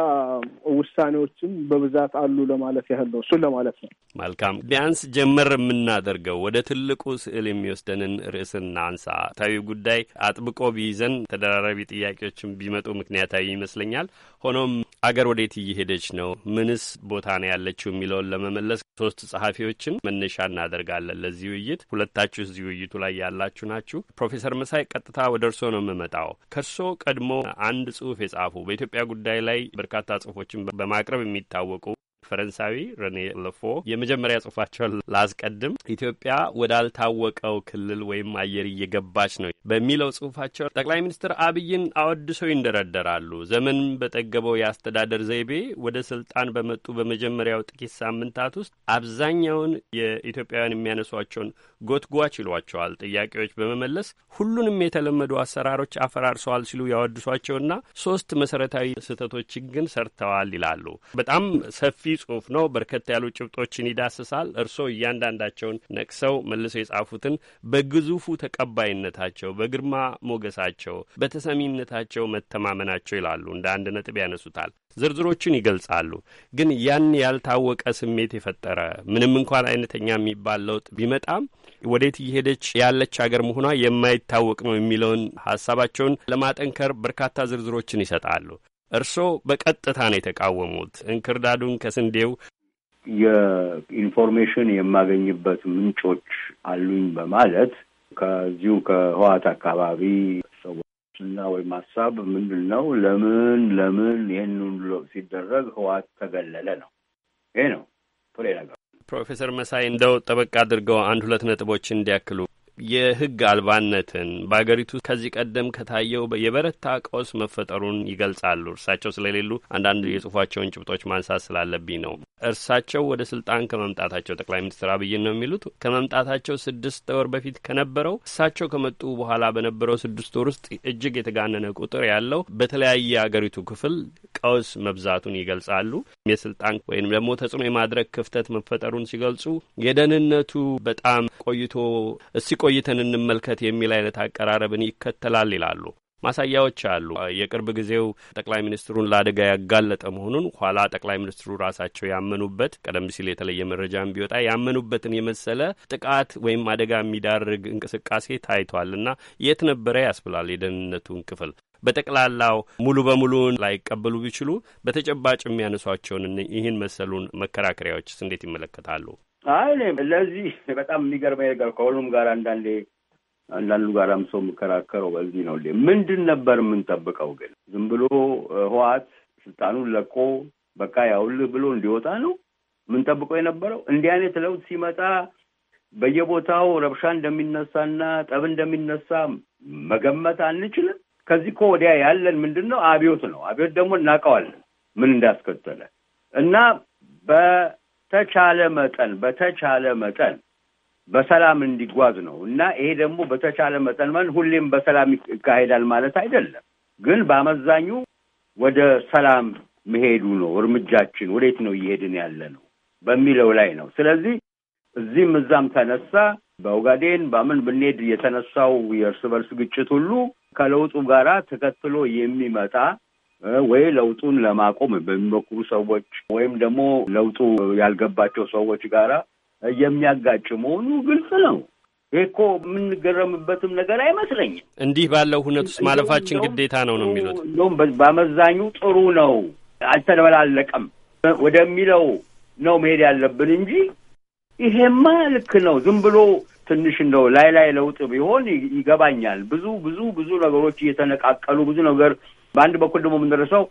ውሳኔዎችም በብዛት አሉ ለማለት ያህል ነው። እሱን ለማለት ነው። መልካም ቢያንስ ጀመር የምናደርገው ወደ ትልቁ ስዕል የሚወስደንን ርዕስና አንሳ ታዊ ጉዳይ አጥብቆ ቢይዘን ተደራራቢ ጥያቄዎችን ቢመጡ ምክንያታዊ ይመስለኛል። ሆኖም አገር ወዴት እየሄደ እየሄደች ነው? ምንስ ቦታ ነው ያለችው የሚለውን ለመመለስ ሶስት ጸሐፊዎችን መነሻ እናደርጋለን ለዚህ ውይይት። ሁለታችሁ እዚህ ውይይቱ ላይ ያላችሁ ናችሁ። ፕሮፌሰር መሳይ ቀጥታ ወደ እርስዎ ነው የምመጣው። ከእርስዎ ቀድሞ አንድ ጽሁፍ የጻፉ በኢትዮጵያ ጉዳይ ላይ በርካታ ጽሁፎችን በማቅረብ የሚታወቁ ፈረንሳዊ ረኔ ለፎ የመጀመሪያ ጽሁፋቸውን ላስቀድም። ኢትዮጵያ ወዳልታወቀው ክልል ወይም አየር እየገባች ነው በሚለው ጽሁፋቸው ጠቅላይ ሚኒስትር አብይን አወድሰው ይንደረደራሉ። ዘመን በጠገበው የአስተዳደር ዘይቤ ወደ ስልጣን በመጡ በመጀመሪያው ጥቂት ሳምንታት ውስጥ አብዛኛውን የኢትዮጵያውያን የሚያነሷቸውን ጎትጓች ይሏቸዋል ጥያቄዎች በመመለስ ሁሉንም የተለመዱ አሰራሮች አፈራርሰዋል ሲሉ ያወድሷቸውና ሶስት መሰረታዊ ስህተቶችን ግን ሰርተዋል ይላሉ። በጣም ሰፊ ጽሁፍ ነው። በርከት ያሉ ጭብጦችን ይዳስሳል። እርስዎ እያንዳንዳቸውን ነቅሰው መልሰው የጻፉትን በግዙፉ ተቀባይነታቸው በግርማ ሞገሳቸው፣ በተሰሚነታቸው መተማመናቸው ይላሉ። እንደ አንድ ነጥብ ያነሱታል። ዝርዝሮቹን ይገልጻሉ። ግን ያን ያልታወቀ ስሜት የፈጠረ ምንም እንኳን አይነተኛ የሚባል ለውጥ ቢመጣም ወዴት እየሄደች ያለች አገር መሆኗ የማይታወቅ ነው የሚለውን ሀሳባቸውን ለማጠንከር በርካታ ዝርዝሮችን ይሰጣሉ። እርስዎ በቀጥታ ነው የተቃወሙት። እንክርዳዱን ከስንዴው የኢንፎርሜሽን የማገኝበት ምንጮች አሉኝ በማለት ከዚሁ ከህዋት አካባቢ ሰዎችና ወይም ሀሳብ ምንድን ነው ለምን ለምን ይህን ሁሉ ሲደረግ ህዋት ተገለለ ነው። ይሄ ነው ፍሬ ነገር። ፕሮፌሰር መሳይ እንደው ጠበቅ አድርገው አንድ ሁለት ነጥቦች እንዲያክሉ የህግ አልባነትን በአገሪቱ ከዚህ ቀደም ከታየው የበረታ ቀውስ መፈጠሩን ይገልጻሉ። እርሳቸው ስለሌሉ አንዳንድ የጽሁፋቸውን ጭብጦች ማንሳት ስላለብኝ ነው። እርሳቸው ወደ ስልጣን ከመምጣታቸው ጠቅላይ ሚኒስትር አብይን ነው የሚሉት ከመምጣታቸው ስድስት ወር በፊት ከነበረው እሳቸው ከመጡ በኋላ በነበረው ስድስት ወር ውስጥ እጅግ የተጋነነ ቁጥር ያለው በተለያየ አገሪቱ ክፍል ቀውስ መብዛቱን ይገልጻሉ። የስልጣን ወይም ደግሞ ተጽዕኖ የማድረግ ክፍተት መፈጠሩን ሲገልጹ የደህንነቱ በጣም ቆይቶ እስቲ ቆይተን እንመልከት የሚል አይነት አቀራረብን ይከተላል ይላሉ። ማሳያዎች አሉ። የቅርብ ጊዜው ጠቅላይ ሚኒስትሩን ለአደጋ ያጋለጠ መሆኑን ኋላ ጠቅላይ ሚኒስትሩ ራሳቸው ያመኑበት ቀደም ሲል የተለየ መረጃም ቢወጣ ያመኑበትን የመሰለ ጥቃት ወይም አደጋ የሚዳርግ እንቅስቃሴ ታይቷል እና የት ነበረ ያስብላል። የደህንነቱን ክፍል በጠቅላላው ሙሉ በሙሉን ላይቀበሉ ቢችሉ በተጨባጭ የሚያነሷቸውን ይህን መሰሉን መከራከሪያዎችስ እንዴት ይመለከታሉ? አይ ለዚህ በጣም የሚገርመኝ ነገር ከሁሉም ጋር አንዳንዴ አንዳንዱ ጋራም ሰው የምከራከረው በዚህ ነው። ምንድን ነበር የምንጠብቀው ግን ዝም ብሎ ህወሓት ስልጣኑን ለቆ በቃ ያውልህ ብሎ እንዲወጣ ነው የምንጠብቀው የነበረው? እንዲህ አይነት ለውጥ ሲመጣ በየቦታው ረብሻ እንደሚነሳና ጠብ እንደሚነሳ መገመት አንችልም። ከዚህ እኮ ወዲያ ያለን ምንድን ነው? አብዮት ነው። አብዮት ደግሞ እናውቀዋለን ምን እንዳስከተለ እና ተቻለ መጠን በተቻለ መጠን በሰላም እንዲጓዝ ነው እና ይሄ ደግሞ በተቻለ መጠን ማለት ሁሌም በሰላም ይካሄዳል ማለት አይደለም፣ ግን በአመዛኙ ወደ ሰላም መሄዱ ነው እርምጃችን። ወዴት ነው እየሄድን ያለ ነው በሚለው ላይ ነው። ስለዚህ እዚህም እዛም ተነሳ በኦጋዴን በምን ብንሄድ የተነሳው የእርስ በርስ ግጭት ሁሉ ከለውጡ ጋራ ተከትሎ የሚመጣ ወይ ለውጡን ለማቆም በሚሞክሩ ሰዎች ወይም ደግሞ ለውጡ ያልገባቸው ሰዎች ጋራ የሚያጋጭ መሆኑ ግልጽ ነው። ይህ እኮ የምንገረምበትም ነገር አይመስለኝም። እንዲህ ባለው ሁነት ውስጥ ማለፋችን ግዴታ ነው ነው የሚሉት እንደውም በአመዛኙ ጥሩ ነው አልተደበላለቀም ወደሚለው ነው መሄድ ያለብን እንጂ ይሄማ ልክ ነው ዝም ብሎ ትንሽ እንደው ላይ ላይ ለውጥ ቢሆን ይገባኛል። ብዙ ብዙ ብዙ ነገሮች እየተነቃቀሉ ብዙ ነገር በአንድ በኩል ደግሞ የምንደርሰው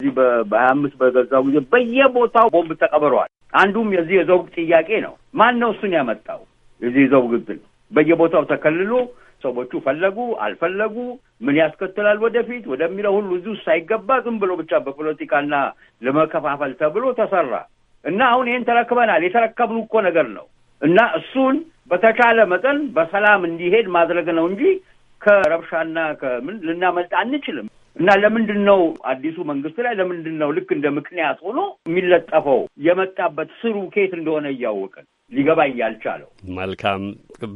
እዚህ በሀያ አምስት በገዛው ጊዜ በየቦታው ቦምብ ተቀብረዋል። አንዱም የዚህ የዘውግ ጥያቄ ነው። ማን ነው እሱን ያመጣው? የዚህ የዘውግ ግል በየቦታው ተከልሎ ሰዎቹ ፈለጉ አልፈለጉ ምን ያስከትላል ወደፊት ወደሚለው ሁሉ እዚህ ውስጥ ሳይገባ ዝም ብሎ ብቻ በፖለቲካና ለመከፋፈል ተብሎ ተሰራ እና አሁን ይህን ተረክበናል። የተረከብን እኮ ነገር ነው እና እሱን በተቻለ መጠን በሰላም እንዲሄድ ማድረግ ነው እንጂ ከረብሻና ከምን ልናመልጥ አንችልም። እና ለምንድን ነው አዲሱ መንግስት ላይ ለምንድን ነው ልክ እንደ ምክንያት ሆኖ የሚለጠፈው? የመጣበት ስሩ ኬት እንደሆነ እያወቅን ሊገባ እያልቻለው። መልካም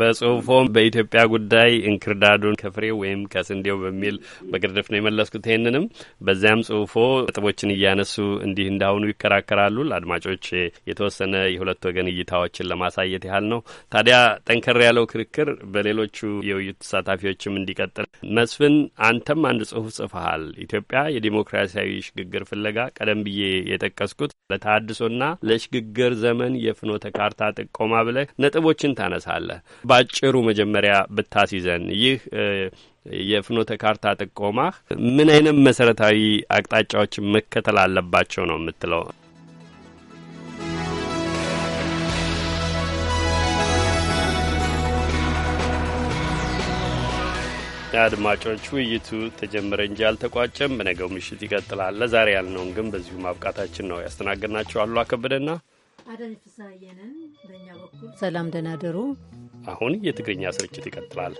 በጽሁፎም በኢትዮጵያ ጉዳይ እንክርዳዱን ከፍሬው ወይም ከስንዴው በሚል በቅርድፍ ነው የመለስኩት። ይህንንም በዚያም ጽሁፎ ጥቦችን እያነሱ እንዲህ እንዳሁኑ ይከራከራሉ። ለአድማጮች የተወሰነ የሁለት ወገን እይታዎችን ለማሳየት ያህል ነው። ታዲያ ጠንከር ያለው ክርክር በሌሎቹ የውይይት ተሳታፊዎችም እንዲቀጥል መስፍን፣ አንተም አንድ ጽሁፍ ጽፈሃል። ኢትዮጵያ የዲሞክራሲያዊ ሽግግር ፍለጋ ቀደም ብዬ የጠቀስኩት ለታድሶና ለሽግግር ዘመን የፍኖተ ካርታ ጠቆማ ብለህ ነጥቦችን ታነሳለህ። በአጭሩ መጀመሪያ ብታስይዘን ይህ የፍኖተ ካርታ ጥቆማ ምን አይነት መሰረታዊ አቅጣጫዎችን መከተል አለባቸው ነው የምትለው? አድማጮች ውይይቱ ተጀመረ እንጂ አልተቋጨም። በነገው ምሽት ይቀጥላል። ለዛሬ ያልነውን ግን በዚሁ ማብቃታችን ነው። ያስተናገድናቸው አሉ አከበደና አዳኝ ፍስሐዬ ነን። በእኛ በኩል ሰላም ደህና ደሩ። አሁን የትግርኛ ስርጭት ይቀጥላል።